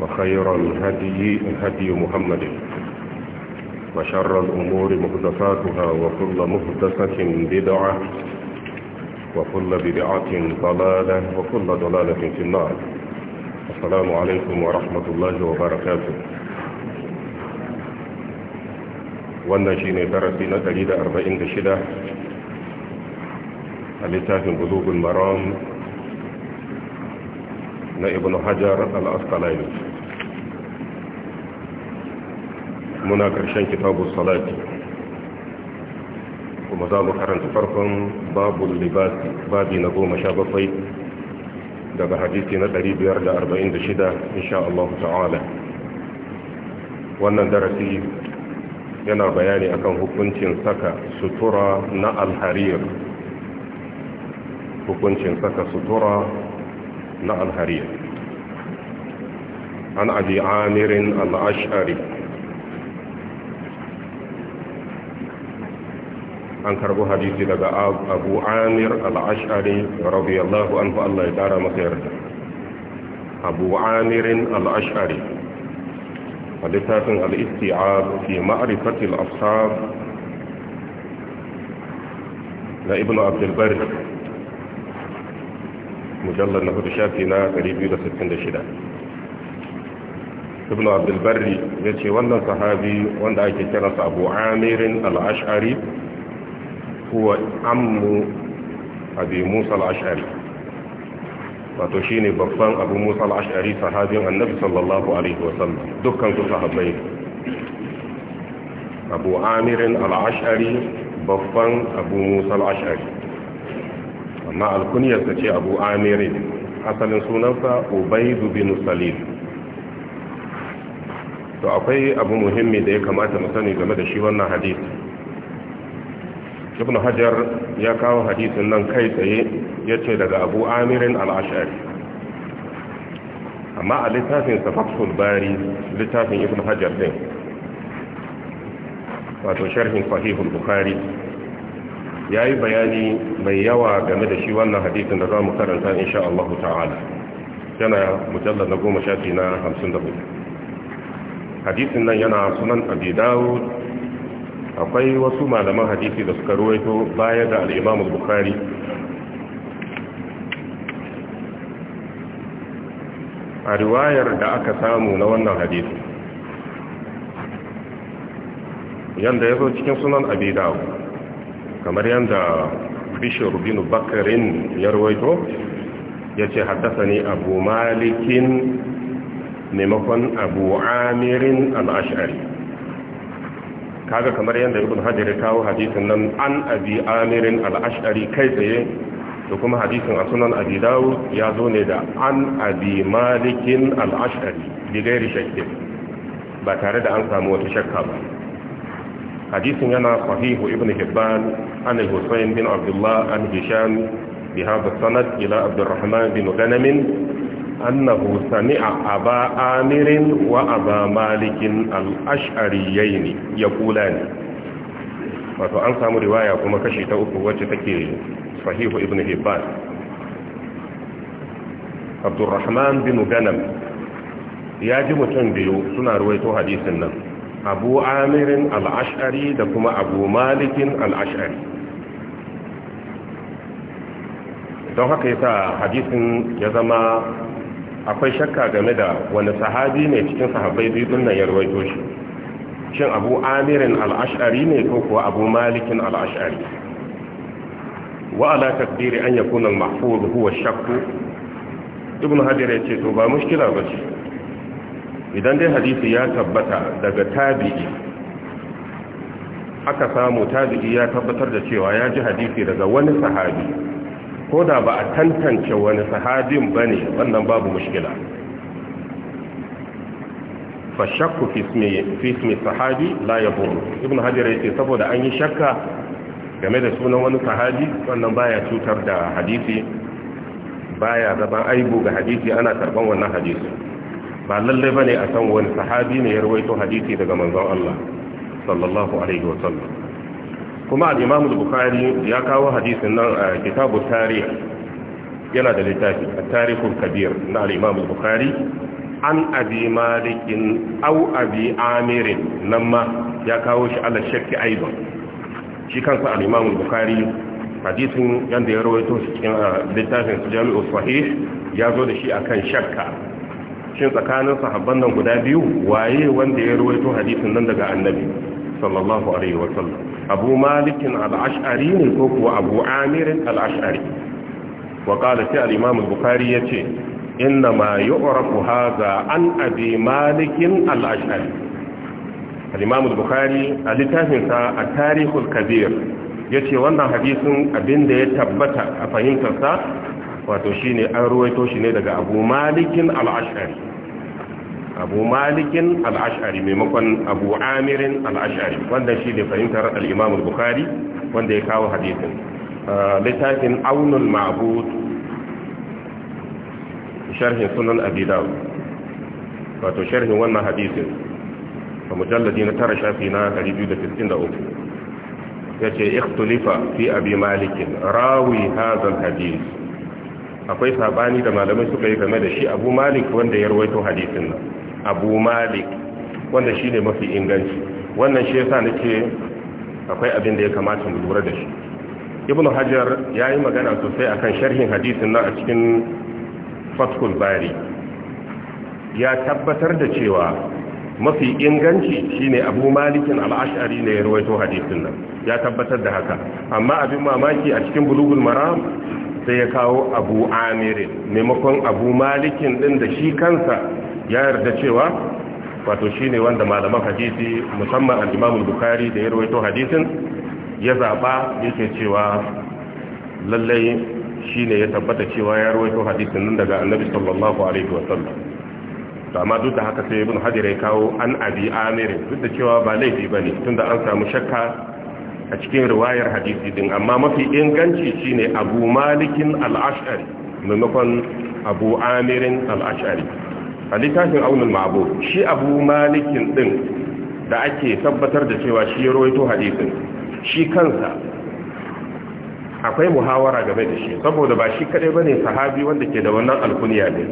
وخير الهدي هدي محمد وشر الأمور مهدفاتها وكل مهدفة بدعة وكل بدعة ضلالة وكل ضلالة في النار السلام عليكم ورحمة الله وبركاته والنجين درسنا دليل أربعين دشدة اللتاهم بلوغ المرام na ibn حجر al muna ƙarshen kitabu salati kuma za mu karanta farkon babu libasi babi na goma sha bakwai daga hadisi na 546 insha Allah ta'ala wannan darasi yana bayani akan hukuncin saka sutura na alharir hukuncin saka sutura na alharir an abi amirin al'ashari an karbo hadisi daga abu amir al'ashari radiyallahu anhu Allah ya tara masa yarda abu amirin al'ashari a littafin al'isti'ab fi ma'arifatil ashab na ibn abdulbar mujallar na hudu shafi na 266 ibn abdulbari ya ce wannan sahabi wanda ake kiransa abu amirin al'ashari Kuwa ammu abi musa al-ash'ari wato ne babban abu musa al-ash'ari sahabin annabi sallallahu alaihi wasallam dukkan su sahabbai abu amirin Al'ash'ari ashari babban abu musa al-ash'ari amma alkuniyarsa ce abu amirin asalin sunansa ubaidu bin salim to akwai abu muhimmi da ya kamata mu sani game da shi wannan hadisi ibn hajar ya kawo hadisin nan kai tsaye ya ce daga abu amirin al'ashari amma a littafin safatul bari littafin ibn hajar din wato sharhin fahihul bukhari ya yi bayani mai yawa game da shi wannan hadisin da za mu karanta insha Allah ta'ala yana mujallar na goma shafi na hamsin da hudu hadisin nan yana sunan abi akwai wasu malaman hadisi da suka ruwaito baya da al bukhari a riwayar da aka samu na wannan hadisi yanda ya zo cikin sunan abi kamar yanda bishir bin bakarin ya ruwaito ya ce haddasa ne abu malikin maimakon abu amirin al'ashari kaga kamar yadda ibn hajar ya kawo hadisin nan an abi amirin al'ashari kai tsaye da kuma hadisin a sunan abi ya zo ne da an abi malikin al'ashari ashari gairi shakki ba tare da an samu wata shakka ba hadisin yana sahihu ibn hibban an husayn bin abdullah an hisham bi hadha sanad ila abdurrahman bin ganamin annahu sami'a aba amirin wa aba malikin ya kula yaqulani wato an samu riwaya kuma kashi ta uku wacce take sahihu ibn hibban abdurrahman bin ganam ya ji mutum biyu suna ruwaito hadisin nan abu amirin al'ashari da kuma abu malikin al'ashari don haka yasa hadisin ya zama akwai shakka game da wani sahabi ne cikin sahabbai biyu nan ya shi shin abu amirin al'ash'ari ne ko kuwa abu malikin al'ash'ari wa ala takdiri an yakuna al-mahfuz huwa shakku ibn hajar ya ce to ba mushkila ba ce idan dai hadisi ya tabbata daga tabi'i aka samu tabi'i ya tabbatar da cewa ya ji hadisi daga wani sahabi ko da ba a tantance wani sahabin ba ne wannan babu mushkila fashakku fi sahabi la buru ibn hajjara ya ce saboda an yi shakka game da sunan wani sahabi wannan baya cutar da hadisi baya zaban aibu ga hadisi ana karban wannan hadisi ba lallai bane a san wani sahabi ne ya rawaito hadisi daga manzon Allah sallallahu alaihi wasallam kuma al-imam bukhari ya kawo hadisin nan a kitabun tarih yana da littafi a tarikhul kabir na al-imam bukhari an abi malikin au abi amirin nan ma ya kawo shi ala shakki aizon shi kansa al bukhari hadisin yadda ya rawaito cikin littafin su jami'u sahih ya zo da shi akan shakka shin tsakanin sahabban nan guda biyu waye wanda ya rawaito hadisin nan daga annabi sallallahu alaihi wa sallam abu malikin al'ash'ari ne ko kuwa abu amirin al'ash'ari wa ƙala ce al'imam bukari ya ce inna ma yi ƙorafu haza an abi malikin al'ash'ari al'imam bukari a littafinsa a tarihul kabir ya ce wannan hadisun abin da ya tabbata a fahimtarsa wato shi ne an ruwaito shi ne daga abu malikin al'ash'ari abu malikin al'ashari maimakon abu amirin al'ashari wanda shi ne fahimtar al'imamul bukari wanda ya kawo hadisin uh, littafin aunul ma'bud sharhin sunan abidaw wato sharhin wannan hadisin a mujalladi na tara shafi na 293 ya ce ikhtulifa fi abi malikin rawi hazan hadis akwai sabani da malamai suka yi game da shi abu malik wanda ya rawaito hadisin nan abu malik wanda shi ne mafi inganci wannan shi yasa nake akwai abin da ya kamata mu lura da shi ibnu hajar ya yi magana sosai akan sharhin hadisin nan a cikin fatkul bari ya tabbatar da cewa mafi inganci shine abu malikin al'ashari ne ya rawaito hadisin nan ya tabbatar da haka amma abin mamaki a cikin bulugul maram sai ya kawo abu amirin maimakon abu malikin din da shi kansa ya yarda cewa wato shine wanda malaman hadisi musamman al-Imam bukhari da ya rawaito hadisin ya zaba yake cewa lallai shine ya tabbata cewa ya rawaito hadisin nan daga Annabi sallallahu alaihi wasallam to amma duk da haka sai Ibn Hajar ya kawo an Abi Amir duk da cewa ba laifi ba bane tunda an samu shakka a cikin riwayar hadisi din amma mafi inganci shine Abu Malikin al-Ash'ari maimakon Abu Amirin al'ashari. a littafin aunin Mabu shi abu malikin din da ake tabbatar da cewa shi ya roito hadisin shi kansa akwai muhawara game da shi saboda ba shi kadai bane sahabi wanda ke da wannan alkuniya ne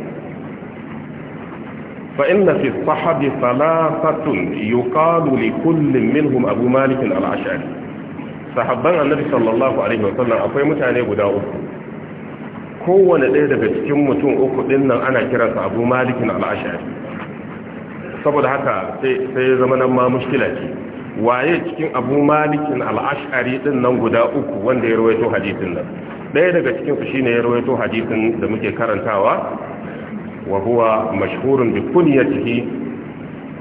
fa inna fi sahabi salafatun yuqalu li kullin minhum abu malik al-ash'ari sahabban annabi sallallahu alaihi wasallam akwai mutane guda uku kowane ɗaya daga cikin mutum uku ɗin nan ana kiransa abu malikin al'ashari saboda haka sai ya zama nan ma mushkila ce waye cikin abu malikin al'ashari ɗin nan guda uku wanda ya rawaito hadisin nan ɗaya daga cikinsu shine ya rawaito hadisin da muke karantawa wa huwa mashhurun bi kunyatihi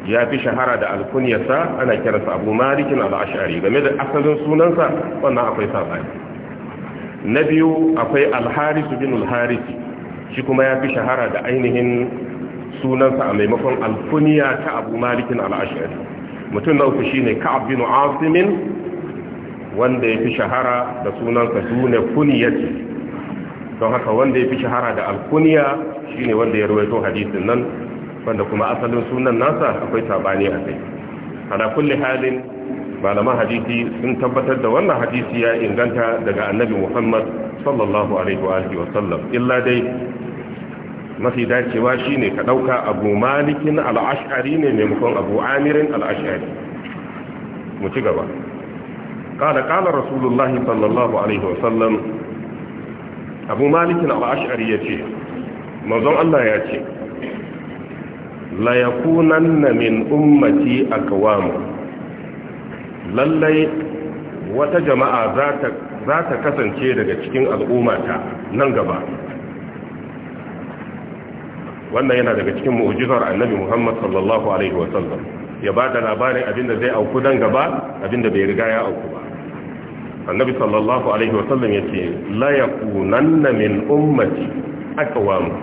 ya fi shahara da alkunyarsa ana kiransa abu malikin al'ashari game da asalin sunansa wannan akwai sabani na biyu akwai alharisu bin alharisi shi kuma ya fi shahara da ainihin sunansa a maimakon alfuniya ta abu malikin al'ashari mutum na uku shi ne ka'ab bin asimin wanda ya fi shahara da sunansa dune don haka wanda ya fi shahara da alfuniya shi ne wanda ya rawaito hadisin nan wanda kuma asalin sunan nasa akwai sabani a kai ala halin malaman hadisi sun tabbatar da wannan hadisi ya inganta daga annabi muhammad sallallahu alaihi wa alihi wa sallam illa dai mafi dacewa shine ka dauka abu malikin al'ash'ari ne maimakon abu amirin al'ash'ari. mu ci gaba قال قال رسول الله صلى الله عليه وسلم أبو مالك الأشعري يتي منظم الله يتي لا يكونن من أمتي أكوام lallai wata jama'a za ta kasance daga cikin al'ummata nan gaba wannan yana daga cikin mu'jizar annabi Muhammad sallallahu alaihi wa ya ba da labarin abinda zai auku dan gaba abinda bai riga ya auku ba annabi sallallahu alaihi wa sallam yace la yakunanna min ummati aqwam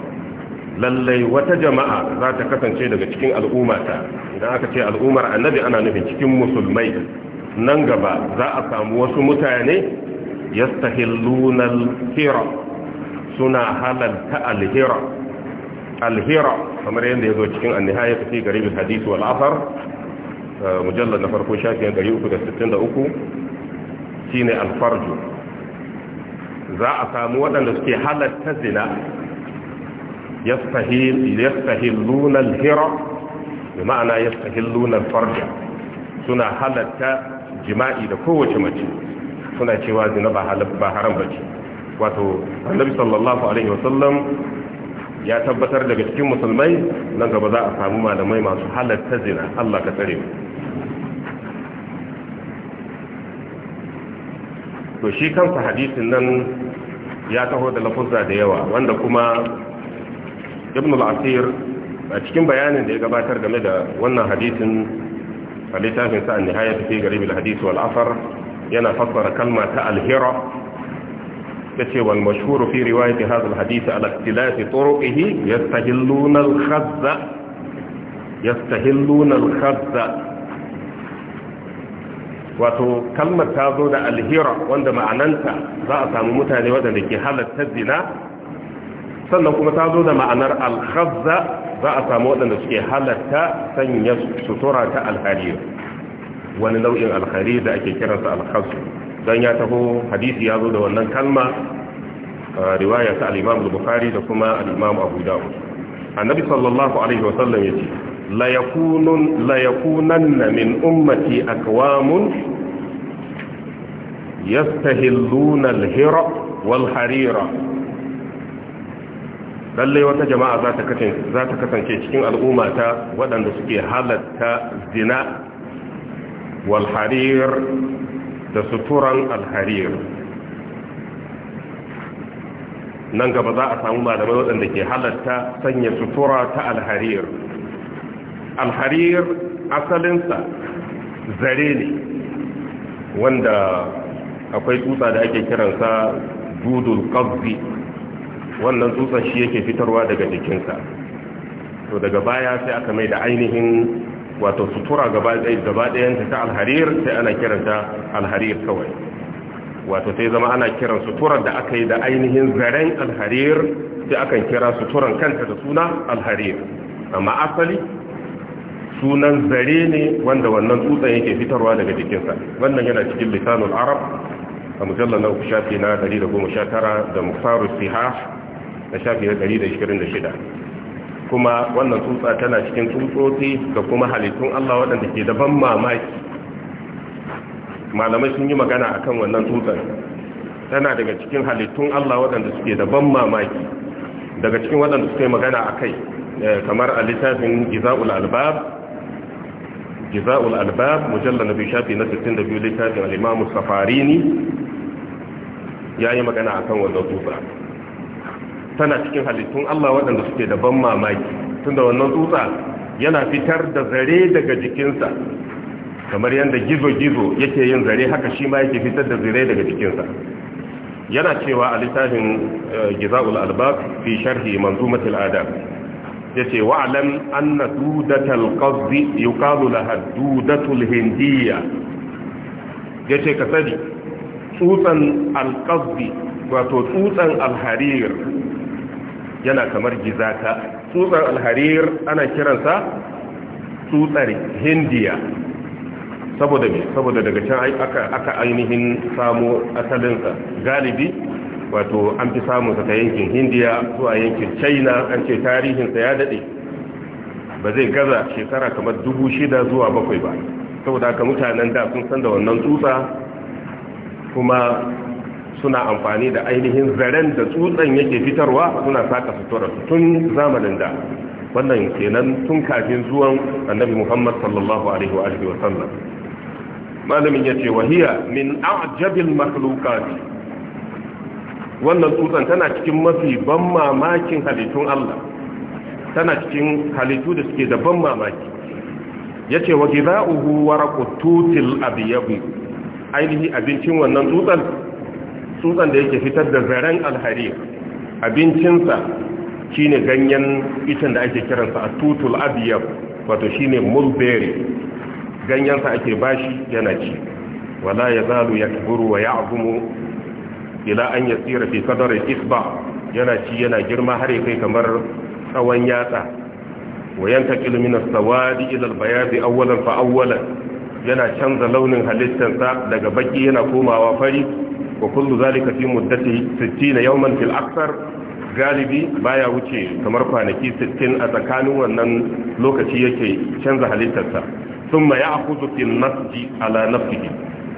lallai wata jama'a za ta kasance daga cikin al'ummata idan aka ce al'ummar annabi ana nufin cikin musulmai nan gaba za a samu wasu mutane yastahilluna al-hira suna halalta al-hira kamar yadda ya zo cikin an-nihaya fi garib al-hadith wal athar eh, mujallad na farko shafin 363 shine al-farj za a samu waɗanda suke halalta zina ya yastahilluna al-hira bi ma'ana yastahilluna al-farj suna halalta jima'i da kowace mace suna cewa zina ba haram ba ce wato annabi sallallahu alaihi wasallam ya tabbatar daga cikin musulmai nan gaba za a samu malamai masu halatta zina Allah ka tsare to shi kansa hadisin nan ya taho da lafuzza da yawa wanda kuma ibn al-asir a cikin bayanin da ya gabatar game da wannan hadisin فليتاك نساء النهاية في قريب الحديث والأثر ينا فصر كلمة الهرة كتب المشهور في رواية هذا الحديث على اختلاف طرقه يستهلون الخز يستهلون الخز واتو كلمة تابود الهرة وانما عننت ضاعت ممتاز ودن لكي حالة تزنا سنكم تابود معنى الخز za a samu waɗanda suke halatta sanya sutura ta alhari wani nau'in alhari da ake kiransa alhasu don ya taho hadisi ya zo da wannan kalma riwaya ta al'imamu bukari da kuma al'imamu abu dawud annabi sallallahu alaihi wasallam ya ce Layakunan na min ummati akwamun yastahilluna hira wal harira lallai wata jama'a za ta kasance cikin al'umma ta waɗanda suke halatta zina wal da suturan al nan gaba za a samu malamai waɗanda ke halatta sanya sutura ta alharir alharir asalinsa zare ne wanda akwai tutsa da ake kiransa dudul ƙabzi wannan tsutsan shi yake fitarwa daga jikinsa to daga baya sai aka mai da ainihin wato sutura gaba ɗayanta ta alharir sai ana kiranta alharir kawai wato sai zama ana kiran suturar da aka yi da ainihin zaren alharir sai akan kira suturan kanta da suna alharir amma asali sunan zare ne wanda wannan tsutsan yake fitarwa daga jikinsa wannan yana cikin lisanul arab a mujallar na shafi na 119 da musaru siha na shafi na 126 kuma wannan tsutsa tana cikin tsutsotsi ga kuma halittun Allah waɗanda ke da ban mamaki malamai sun yi magana a kan wannan tsutsar tana daga cikin halittun Allah waɗanda suke da ban mamaki daga cikin waɗanda suke magana a kai eh, kamar a littafin giza'ul albab giza'ul albab mujallar na biyu shafi na 62 littafin al'imamu safarini ya yi magana a kan wannan tsutsar tana cikin halittun Allah waɗanda suke da ban mamaki tunda wannan tsutsa yana fitar da zare daga jikinsa kamar yadda gizo-gizo yake yin zare haka shi ma yake fitar da zare daga jikinsa yana cewa a littafin eh, giza'ul albab fi sharhi manzumatul Ya ce wa alam anna dudatal qazzi kalu laha dudatul hindiyya ce ka sani tsutsan alqazzi wato tsutsan alharir yana kamar gizaka tsutsar alharir ana kiransa tsutsar hindiya saboda me saboda daga can aka ainihin samo asalinsa galibi wato an fi samunsa ta yankin hindiya zuwa yankin china an ce tarihinsa ya daɗe ba zai gaza shekara kamar dubu shida zuwa bakwai ba saboda haka mutanen da sun san da wannan tsutsa kuma suna amfani da ainihin zaren da tsutsan yake fitarwa suna saka suturarsu tun zamanin da wannan kenan tun kafin zuwan annabi muhammad sallallahu alaihi wa alihi wa sallam malamin yace wahiya min a'jabil makhluqat wannan tsutsan tana cikin mafi ban mamakin halittun Allah tana cikin halittu da suke da ban mamaki yace wa gidauhu waraqut tutil abyab ainihi abincin wannan tsutsan tsutsan da yake fitar da zaren alharir abincinsa shine ganyen itin da ake kiransa a tutul abiyar wato shine mulberry ganyensa ake bashi yana ci wala ya zalu ya tuburu wa ya azumu ila an ya tsira fi sadarar isba yana ci yana girma har ya kai kamar tsawon yatsa wayanta yanka kilminar sawadi ilal bayadi awwalan fa awwalan yana canza launin halittarsa daga baki yana komawa fari wa kullu zalika fi muddati 60 yawman aksar galibi baya wuce kamar kwanaki 60 a tsakanin wannan lokaci yake canza halittarsa thumma ya'khudhu fil nasji ala nafsihi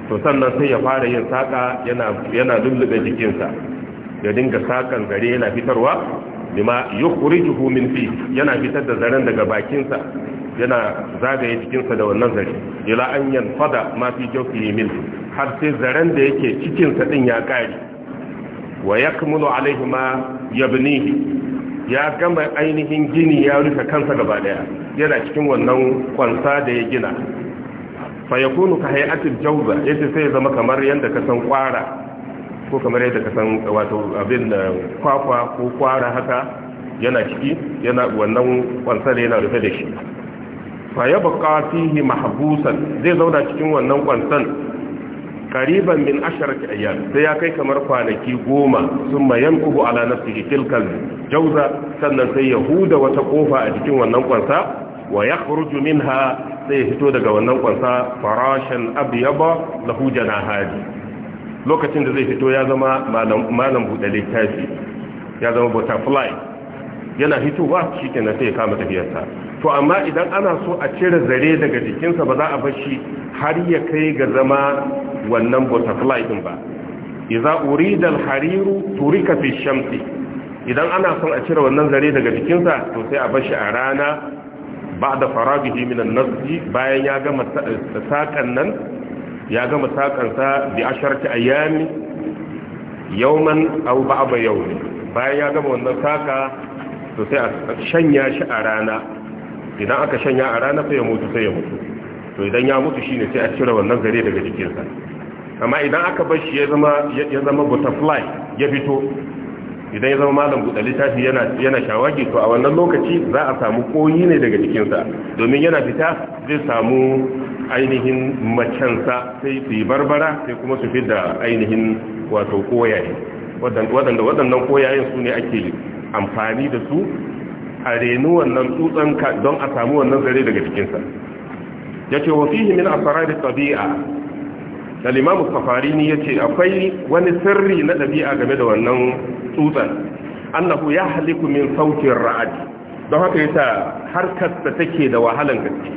to sannan sai ya fara yin saka yana yana jikinsa ya dinga sakan zare yana fitarwa bima yukhrijuhu min fi yana fitar da zaren daga bakinsa yana zagaye jikinsa da wannan zare ila an yanfada ma fi jawfihi minhu har sai zaren da yake cikinsa ɗin ya kare. wa yakmulu alaihima alaihi ma ya ya gama ainihin gini ya rufe kansa gaba daya yana cikin wannan kwansa da ya gina fa yakunu ka hayatin jauza yace sai zama kamar yadda ka san kwara ko kamar yadda ka san wato abin da kwakwa ko kwara haka yana ciki yana wannan kwansa da yana rufe da shi fa yabqa fihi mahbusan zai zauna cikin wannan kwansan qariban min asharati ayyam sai ya kai kamar kwanaki goma summa yanqubu ala nafsihi tilkal jawza sannan sai yahuda wata kofa a cikin wannan kwansa wa yakhruju minha sai ya fito daga wannan kwansa farashan abyaba lahu janahadi lokacin da zai fito ya zama malam malam buɗe littafi ya zama butterfly yana hitowa shi kenan sai ya kama tafiyarsa to amma idan ana so a cire zare daga jikinsa ba za a bar shi har ya kai ga zama wannan butterfly din ba idza urida al-hariru turika fi shamsi idan ana son a cire wannan zare daga jikinsa to sai a bashi a rana ba'da faragihi min an-nafsi bayan ya gama sakan eh, nan ya gama sakansa bi asharati ayami yawman aw ba'da yawmin bayan ya gama wannan saka to sai a shanya shi a rana idan aka shanya a rana sai ya mutu sai ya mutu to idan ya mutu shine sai a cire wannan gare daga jikinsa amma idan aka bar shi ya zama ya zama butterfly ya fito idan ya zama malam buɗe littafi yana yana shawagi to a wannan lokaci za a samu koyi ne daga jikinsa domin yana fita zai samu ainihin macensa sai su yi barbara sai kuma su fi da ainihin wato koyaye waɗanda waɗannan koyayen su ne ake amfani da su a renu wannan tsutsan don a samu wannan zare daga jikinsa ya ce wa fihi min asrar tabi'a al-imam safarini yace akwai wani sirri na ɗabi'a game da wannan tsutsan annahu haliku min sautin ra'adi don haka yasa harkar ta take da wahalan gaske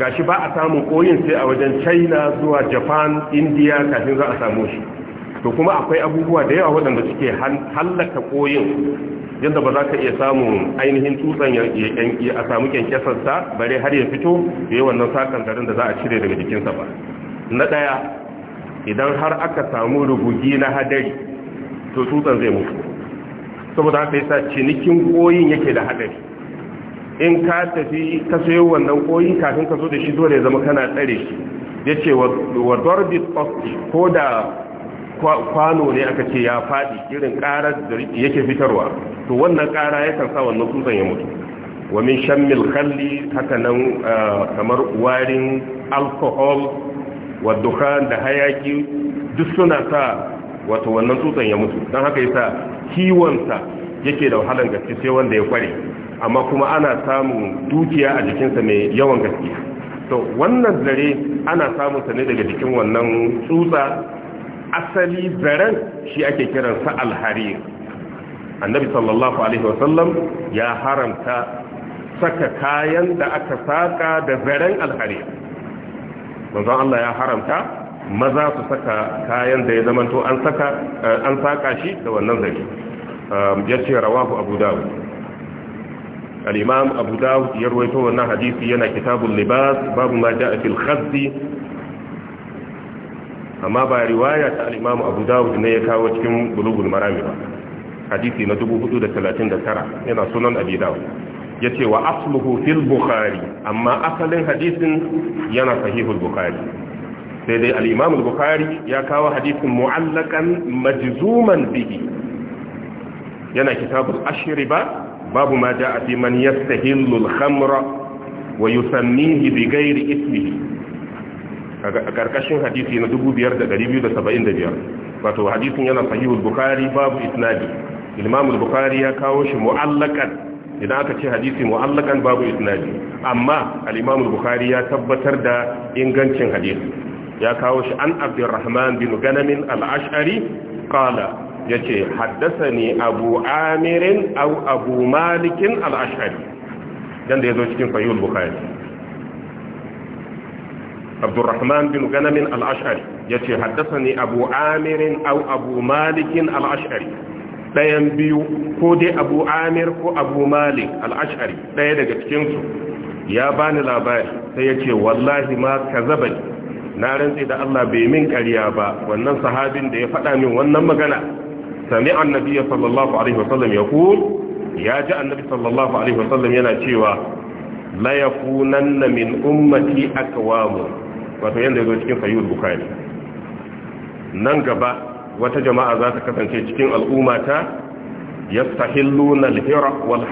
gashi ba a samun koyin sai a wajen china zuwa japan india kafin za a samu shi to kuma akwai abubuwa da yawa waɗanda suke hallaka koyin yadda ba za ka iya samun ainihin tutsan ya a samu kyankyasarsa bare har ya fito ya yi wannan sakan garin da za a cire daga jikinsa ba na ɗaya idan har aka samu rubugi na hadari to tutsan zai mutu saboda haka sa cinikin koyin yake da hadari in ka tafi ka sayo wannan koyi kafin ka zo da shi dole ya zama kana tsare shi ya ce wa darbi ko da kwano ne aka ce ya faɗi irin ƙarar da yake fitarwa to wannan ƙara yakan sa wannan tsuntsan ya mutu wa min shammil khalli haka nan ah, kamar warin alcohol wa dukhan da hayaki duk suna sa wato wannan tsutsan ya mutu Dan haka yasa kiwonsa yake da wahalar gaske sai wanda ya kware amma kuma ana samun dukiya a jikinsa mai yawan gaske to wannan zare ana samun sa ne daga jikin wannan tsutsa asali zaren shi ake kiransa alharir annabi sallallahu alaihi wasallam ya haramta saka kayan da aka saka da zaren alharir manzon Allah ya haramta maza su saka kayan da ya zamanto an saka eh, an saka shi da wannan zare um, yace rawahu abu dawud al-imam abu dawud ya rawaito wannan hadisi yana kitabul libas babu ma ja'a fil khazzi amma ba riwaya ta al Abu Dawud ne ya kawo cikin Bulughul Marami ba hadisi na 439 yana sunan Abi Dawud ce wa asluhu fil Bukhari amma asalin hadisin yana sahihul Bukhari sai dai al'imamu bukhari ya kawo hadisin mu'allakan majzuman bihi yana kitabul ashriba babu ma jaa fi man yastahillu al-khamra wa yusammihi bi ghairi ismihi a karkashin hadisi na 2275 wato hadisin yana sahihul bukhari babu isnadi imam bukhari ya kawo shi mu'allakan idan aka ce hadisi mu'allakan babu isnadi amma Alimamul imam bukhari ya tabbatar da ingancin hadisi ya kawo shi an abdurrahman bin ganamin al ya ce haddasa haddathani abu amirin abu malikin Al'ashari. ashari ya zo cikin sahihul bukhari Abdurrahman bin Ganamin al-Ash'ari yace haddathani Abu Amir aw Abu Malik al-Ash'ari biyu ko dai Abu Amir ko Abu Malik al-Ash'ari daga cikin su ya bani labari sai yace wallahi ma kazabani na rantse da Allah bai min ƙarya ba wannan sahabin da ya faɗa min wannan magana sami annabi sallallahu alaihi wasallam ya ku ya ji annabi sallallahu alaihi wasallam yana cewa la yakunanna min ummati akwamu wato yanda zo cikin sahihul bukhari nan gaba wata jama'a za ta kasance cikin al'ummata ya al-hira wal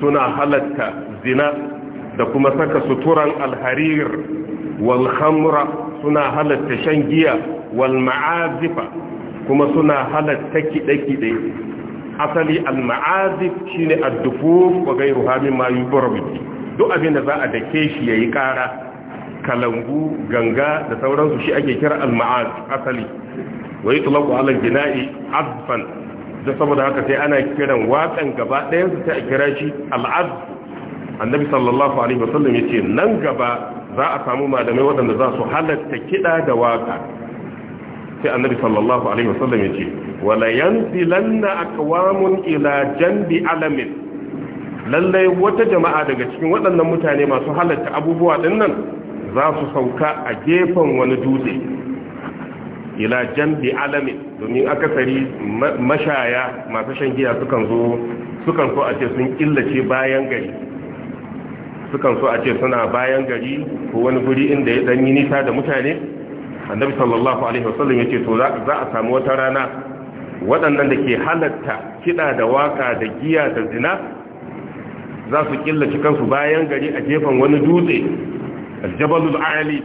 suna halatta zina da kuma saka suturan al walhamra suna halatta shan giya wal kuma suna halatta kiɗe kide asali al shi shine ad-dufuf gairu hamin mayu yubarbu duk abin da za a dake shi yayi kara kalangu ganga da sauransu shi ake kira al-ma'az asali wa yutlaqu ala al-jina'i azfan da saboda haka sai ana kiran watsan gaba ɗayan su sai a kira shi al-azf annabi sallallahu alaihi wasallam yace nan gaba za a samu malamai waɗanda za su halatta kiɗa da waka sai annabi sallallahu alaihi wasallam yace wala yanzilanna aqwamun ila janbi alamin lallai wata jama'a daga cikin waɗannan mutane masu halatta abubuwa dinnan za su sauka a gefen wani dutse ila jambi alamin domin akasari mashaya masu shan giya sukan zo sukan so a ce sun killace bayan gari sukan so a ce suna bayan gari ko wani guri inda ya danyi yi nisa da mutane annabi sallallahu alaihi wasallam yace to za a samu wata rana waɗannan da ke halatta kiɗa da waka da giya da zina za su killace kansu bayan gari a gefen wani dutse aljabalul ali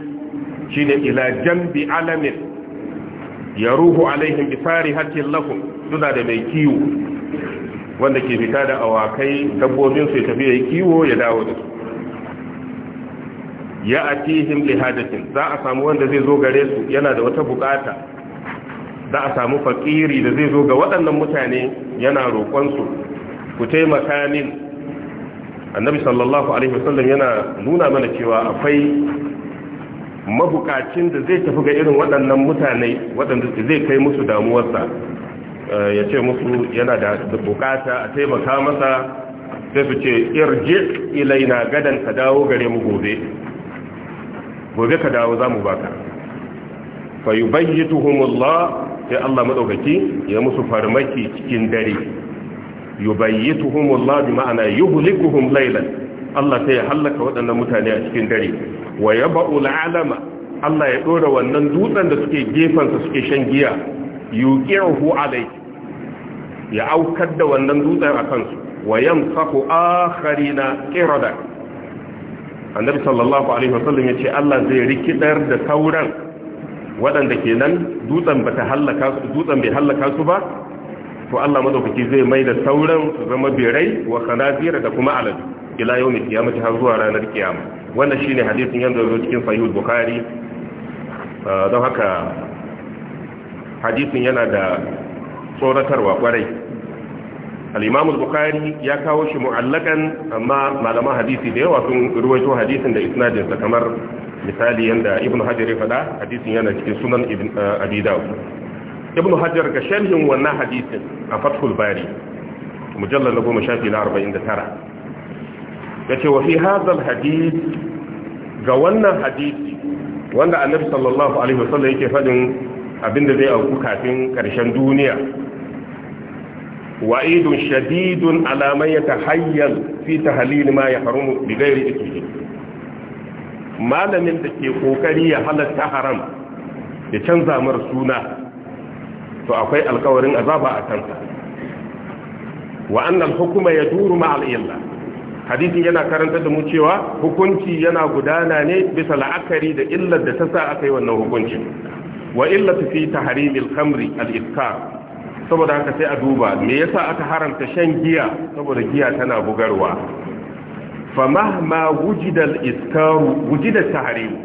shine ila jambi alamin yaruhu alaihim bi harkin lahum suna da mai kiwo wanda ke fita da awakai dabbobin su ya tafi yayi kiwo ya dawo da su ya atihim lihadatin za a samu wanda zai zo gare su yana da wata buƙata, za a samu faƙiri da zai zo ga waɗannan mutane yana roƙon ku taimaka min annabi sallallahu alaihi wasallam yana nuna mana cewa akwai mabukacin da zai tafi ga irin waɗannan mutane waɗanda zai kai musu damuwarsa eh, ya ce musu yana da bukata a taimaka masa sai su ce irje ilaina gadan ka dawo gare mu gobe gobe ka dawo za mu baka fa yubayyituhumullah sai Allah madaukaki ya musu farmaki cikin dare yubayyituhum Allah bi ma'ana yuhlikuhum laylan Allah sai ya halaka waɗannan mutane a cikin dare wa yaba'u al'alama Allah ya dora wannan dutsen da suke gefansa suke shan giya yuqiruhu alai ya aukar da wannan dutsen a kansu wa yamsahu akharina qirada annabi sallallahu alaihi wasallam yace Allah zai rikidar da sauran waɗanda ke nan dutsen bata halaka su dutsen bai halaka su ba to Allah madaukaki zai mai da sauran zama birai wa khanazira da kuma aladu ila yawmi qiyamati har zuwa ranar kiyama wannan shine hadisin yanda zo cikin sahih bukhari ah, don haka hadisin yana da tsoratarwa kwarai al-imam bukhari ya kawo shi mu'allakan amma malaman hadisi da yawa sun ruwaito hadisin da isnadin sa kamar misali yanda ibnu hajar ya faɗa hadisin yana cikin sunan ibn ah, abi dawud ibn hajar ga sharhin wannan hadisin a fathul bari mujallar na goma shafi na arba'in da tara ya ce wafi hazal hadis ga wannan hadisi wanda annabi sallallahu alaihi wasallam yake faɗin abinda zai auku kafin ƙarshen duniya wa'idun shadidun alamai ya tahayyal fi tahalil ma ya haramu bi gairi ce. malamin da ke ƙoƙari ya halatta haram ya canza mar suna to akwai alkawarin azaba a kansa wa annal hukuma yaduru ma illa hadisi yana karanta da mu cewa hukunci yana gudana ne bisa la'akari da illar da ta sa aka yi wannan hukuncin wa illatu fi tahrimil khamri al-iskar saboda haka sai a duba me yasa aka haramta shan giya saboda giya tana bugarwa famahma wujida al wujida tahrim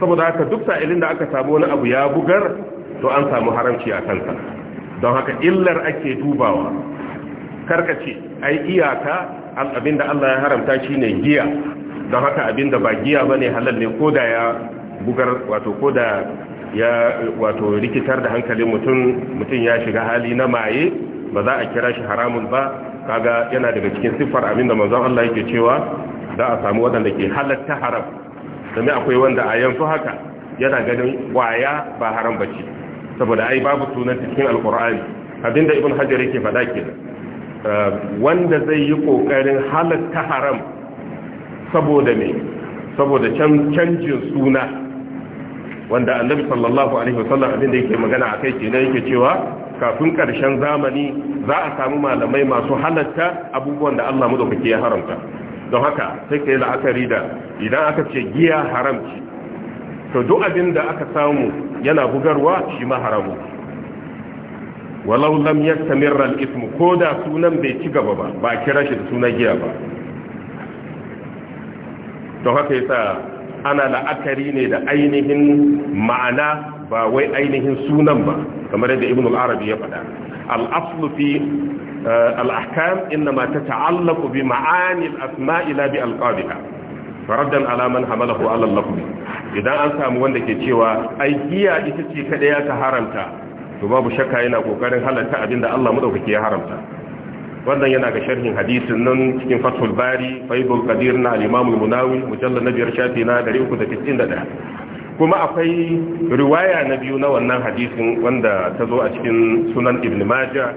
saboda haka duk sa'ilin da aka samu wani abu ya bugar to an samu haramci a kansa don haka illar ake dubawa karkace ai iyaka abinda Allah ya haramta shine giya don haka abinda ba giya bane halal ne koda ya bugar wato koda ya wato rikitar da hankalin mutum mutum ya shiga hali na maye ba za a kira shi haramun ba kaga yana daga cikin siffar abinda manzon Allah yake cewa za a samu waɗanda ke halatta haram domin akwai wanda a yanzu haka yana ganin waya ba haram bace saboda ai babu sunan cikin alkur'ani abinda ibn hajar yake faɗa kenan eh, wanda zai yi ƙoƙarin halatta haram saboda ne, saboda canjin suna wanda annabi sallallahu alaihi wasallam abinda yake magana akai kenan yake cewa kafin ƙarshen zamani za a samu malamai masu halatta abubuwan da Allah kake ya haramta don haka sai kai la'akari da idan aka ce giya haramci to duk abin da aka samu yana bugarwa shi ma haramu walau lam yastamir al ism ko da sunan bai ci gaba ba ba kira shi da sunan giya ba to haka yasa ana la'akari ne da ainihin ma'ana ba wai ainihin sunan ba kamar yadda ibn al-arabi ya faɗa al-aslu fi eh, al-ahkam inma tata'allaqu bi ma'ani al-asma'i la bi alqabiha faraddan ala man hamalahu ala al-lafzi idan an samu wanda ke cewa ai giya ita ce kada ya ka haramta to babu shakka yana kokarin abin da Allah madaukake ya haramta wannan yana ga sharhin hadisin nan cikin Fathul Bari Faidul Qadir na imam al-Munawi mujallal na biyar shafi na 391 kuma akwai riwaya na biyu na wannan hadisin wanda ta zo a cikin Sunan Ibn Majah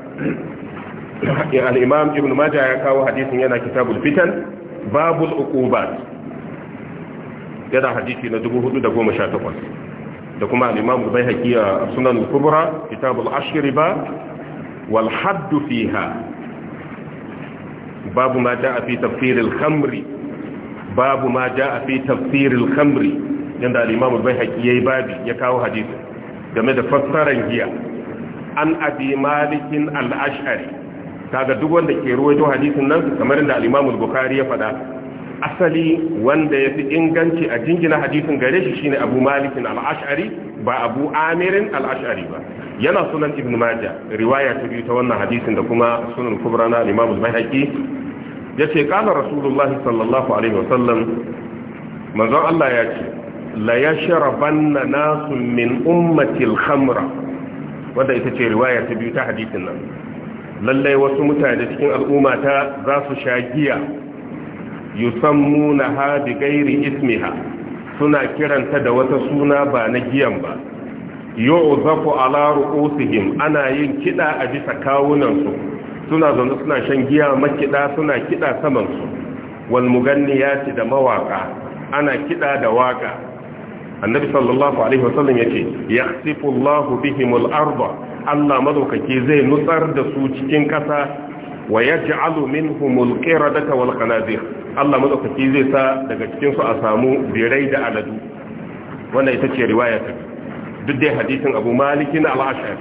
al-Imam Ibn Majah ya kawo hadisin yana Kitabul Fitan babul uqubat yana hadisi na 418 da kuma al bai al a sunan al-kubra kitab al wal hadd fiha babu ma ja a fi tafsir al babu ma ja a fi tafsir al-khamr yanda bai imam ya yi babi ya kawo hadisi game da fassaran giya an abi malikin al ta ga duk wanda ke ruwaito hadisin nan kamar da al bukari ya faɗa asali wanda ya fi inganci a jingina hadisin gare shi shine abu malikin al'ashari ba abu amirin al'ashari ba yana sunan ibn Maja riwaya ta biyu ta wannan hadisin da kuma sunan kubra na imam al Ya yace kana rasulullahi sallallahu alaihi wasallam manzon Allah ya ce la yashrabanna nasu min ummati khamra wanda ita ce riwaya ta biyu ta hadisin nan lallai wasu mutane cikin al'umma ta za su sha giya yusammuna ha bi gairi ismiha suna kiranta da wata suna ba na giyan ba yu'zafu ala ru'usihim ana yin kida a bisa kawunan su suna zaune suna shan giya makida suna kida saman su wal muganniyati da mawaka ana kida da waka annabi sallallahu alaihi wasallam yace yahsifu Allahu bihimul arda Allah madaukake zai nutsar da su cikin kasa wa alumin minhumul qiradata wal qanadir Allah madaukaki zai sa daga cikin su a samu birai da aladu wannan ita ce riwaya ta duk dai hadisin Abu Malik na ashari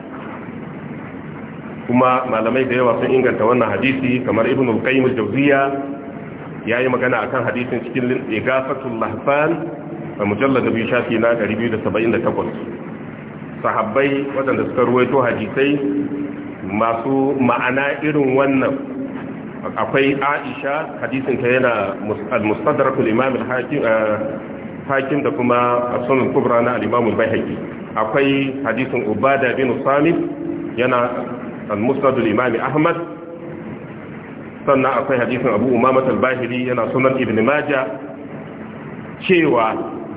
kuma malamai da yawa sun inganta wannan hadisi kamar Ibn al qaimu al ya yi magana akan hadisin cikin Igafatul Lahfan a mujallar biyu shafi na 278 sahabbai waɗanda suka ruwaito hadisai masu ma'ana irin wannan akwai aisha hadisinta yana al-mustadrakul imam eh, hakim da kuma sunan kubra na al-imam al akwai hadisin ubada bin samit yana al-mustadrakul ahmad sannan akwai hadisin abu umamat al bahiri yana sunan ibn Maja. cewa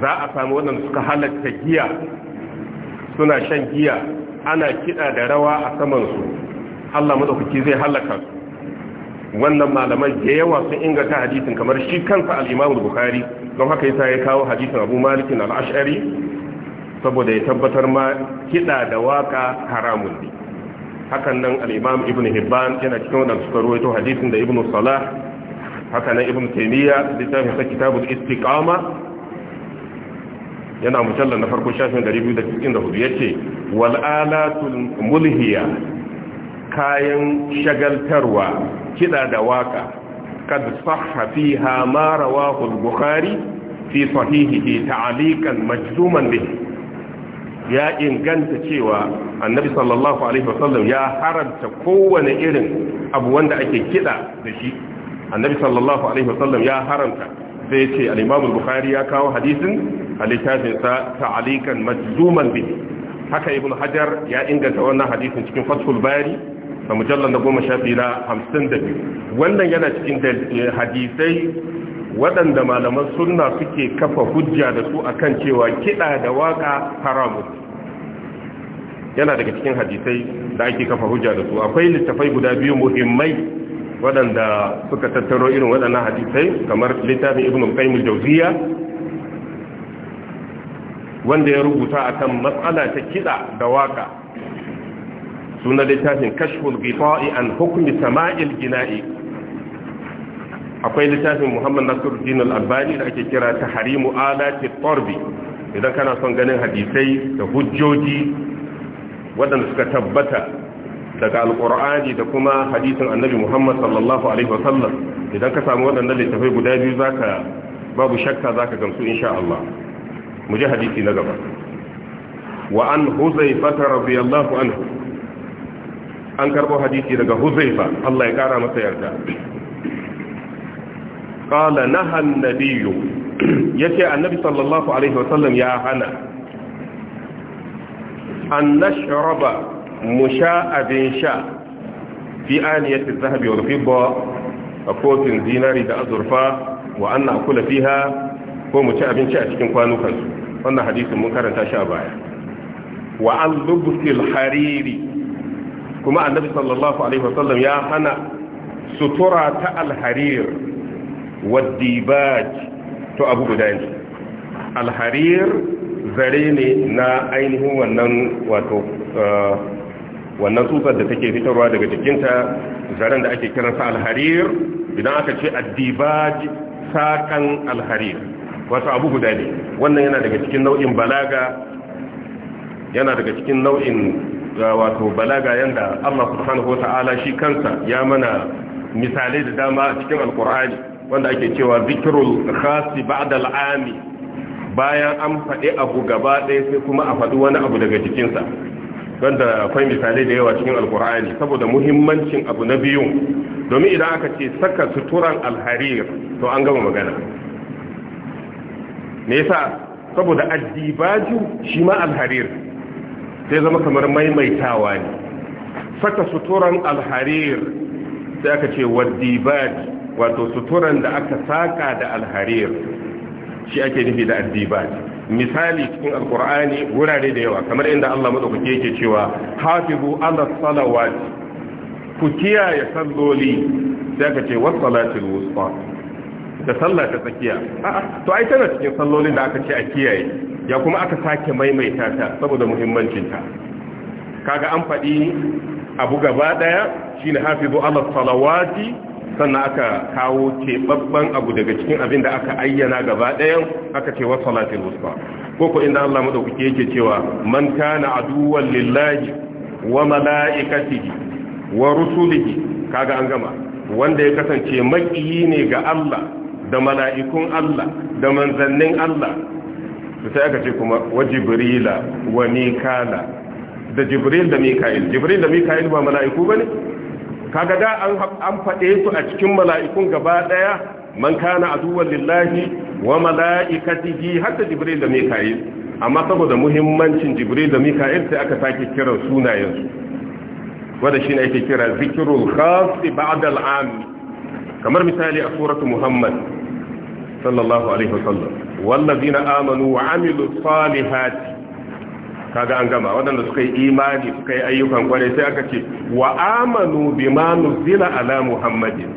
za a samu waɗanda suka halatta giya suna shan giya ana kiɗa da rawa a samansu Allah madaukaki zai halaka su wannan malaman da yawa sun ingata hadisin kamar shi kansa al-Imam Bukhari don haka yasa ya kawo hadisin Abu Malik al-Ash'ari saboda ya tabbatar ma kiɗa da waka haramun ne hakan nan al-Imam Ibn Hibban yana cikin wannan suka rawaito hadisin da Ibn Salah haka nan Ibn Taymiyyah littafin sa Kitabul Istiqama yana mutalla na farko shafin 294 yace wal'alatul mulhiya kayan shagaltarwa kiɗa da waka kad sahha fiha ma rawahu al-bukhari fi sahihihi ta'liqan majzuman bih ya inganta cewa annabi sallallahu alaihi wasallam ya haramta kowane irin abu wanda ake kiɗa da shi annabi sallallahu alaihi wasallam ya haramta sai ce al-imam al-bukhari ya kawo hadisin a littafinsa ta'liqan majzuman bihi. haka ibn hajar ya inganta wannan hadisin cikin fathul bari da mujallar da goma shafi na hamsin da biyu wannan yana cikin eh, hadisai waɗanda malaman sunna suke kafa hujja da su akan cewa kiɗa da waƙa haramun yana daga cikin hadisai da ake kafa hujja da su akwai littafai guda biyu muhimmai waɗanda suka tattaro irin waɗannan hadisai kamar littafin ibn qayyim al-jawziyya wanda ya rubuta a kan matsala ta kiɗa da waƙa, suna littafin kashful gifai an hukumi sama'il gina'i akwai littafin muhammad nasiruddin al-albani da ake kira ta harimu alati torbi idan kana son ganin hadisai da hujjoji waɗanda suka tabbata daga alƙur'ani da kuma hadisin annabi muhammad sallallahu alaihi wasallam idan ka samu waɗannan littafai guda biyu ka babu shakka zaka gamsu insha Allah مجاهد في نجبة وعن حزيفة رضي الله عنه أنكر به حديثي لك حزيفة الله يكرم سيرتا قال نهى النبي يتي النبي صلى الله عليه وسلم يا هنا أن نشرب مشاء بن شاء في آلية الذهب والفضة أقوت زينار إذا أزرفا وأن أكل فيها ومشاء بن شاء شكين قانو خلصه wannan hadisin mun karanta shi a baya wa an lubsil hariri kuma annabi sallallahu alaihi wasallam ya hana sutura ta alharir wadibaj to abu guda ne alharir zare ne na ainihin wannan wato eh, wannan tsutsar da take fitarwa daga jikinta zaren da ake kiransa alharir idan aka ce addibaj sakan alharir wato abu guda ne wannan yana daga cikin nau'in balaga yana daga cikin nau'in wato balaga yanda Allah subhanahu wata'ala shi kansa ya mana misalai da dama a cikin alkur'ani wanda ake cewa zikirul khasi ba'da al'ami bayan an faɗi abu gaba ɗaya sai kuma a faɗi wani abu daga cikinsa wanda akwai misalai da yawa cikin alkur'ani saboda muhimmancin abu na biyu domin idan aka ce saka suturan alharir to an gama magana me yasa saboda addibaju shi ma alharir sai zama kamar maimaitawa ne saka suturan alharir sai aka ce waddibaj wato suturan da aka saka da alharir shi ake nufi da addibaj misali cikin alkur'ani wurare da yawa kamar inda Allah madaukake yake cewa hafizu ala salawat ku kiyaye salloli sai aka ce was salatul wusta da sallah ta tsakiya to ai tana cikin sallolin da aka ce a kiyaye ya kuma aka sake maimaita ta saboda muhimmancinta kaga an faɗi abu gaba ɗaya shine hafizu ala salawati sannan aka kawo keɓaɓɓen abu daga cikin abin da aka ayyana gaba ɗayan aka ce wasu salatin wusta ko ko inda Allah madaukake yake cewa man kana aduwan lillahi wa mala'ikatihi wa rusulihi kaga an gama wanda ya kasance makiyi ne ga Allah da mala'ikun Allah da manzannin Allah sai aka ce kuma wa jibrila wa mikala da jibril da mika'il jibril da mika'il ba mala'iku bane kaga da an an su a cikin mala'ikun gaba ɗaya man kana aduwwan lillahi wa mala'ikatihi hatta jibril da mika'il amma saboda muhimmancin jibril da mika'il sai aka sake kira sunayensu. su wanda shine ake kira zikirul khas ba'da am kamar misali a suratu muhammad sallallahu alaihi wasallam na amanu wa amilu salihati kaga an gama waɗanda suka yi imani suka yi ayyukan kwarai sai aka ce wa amanu bima zina ala muhammadin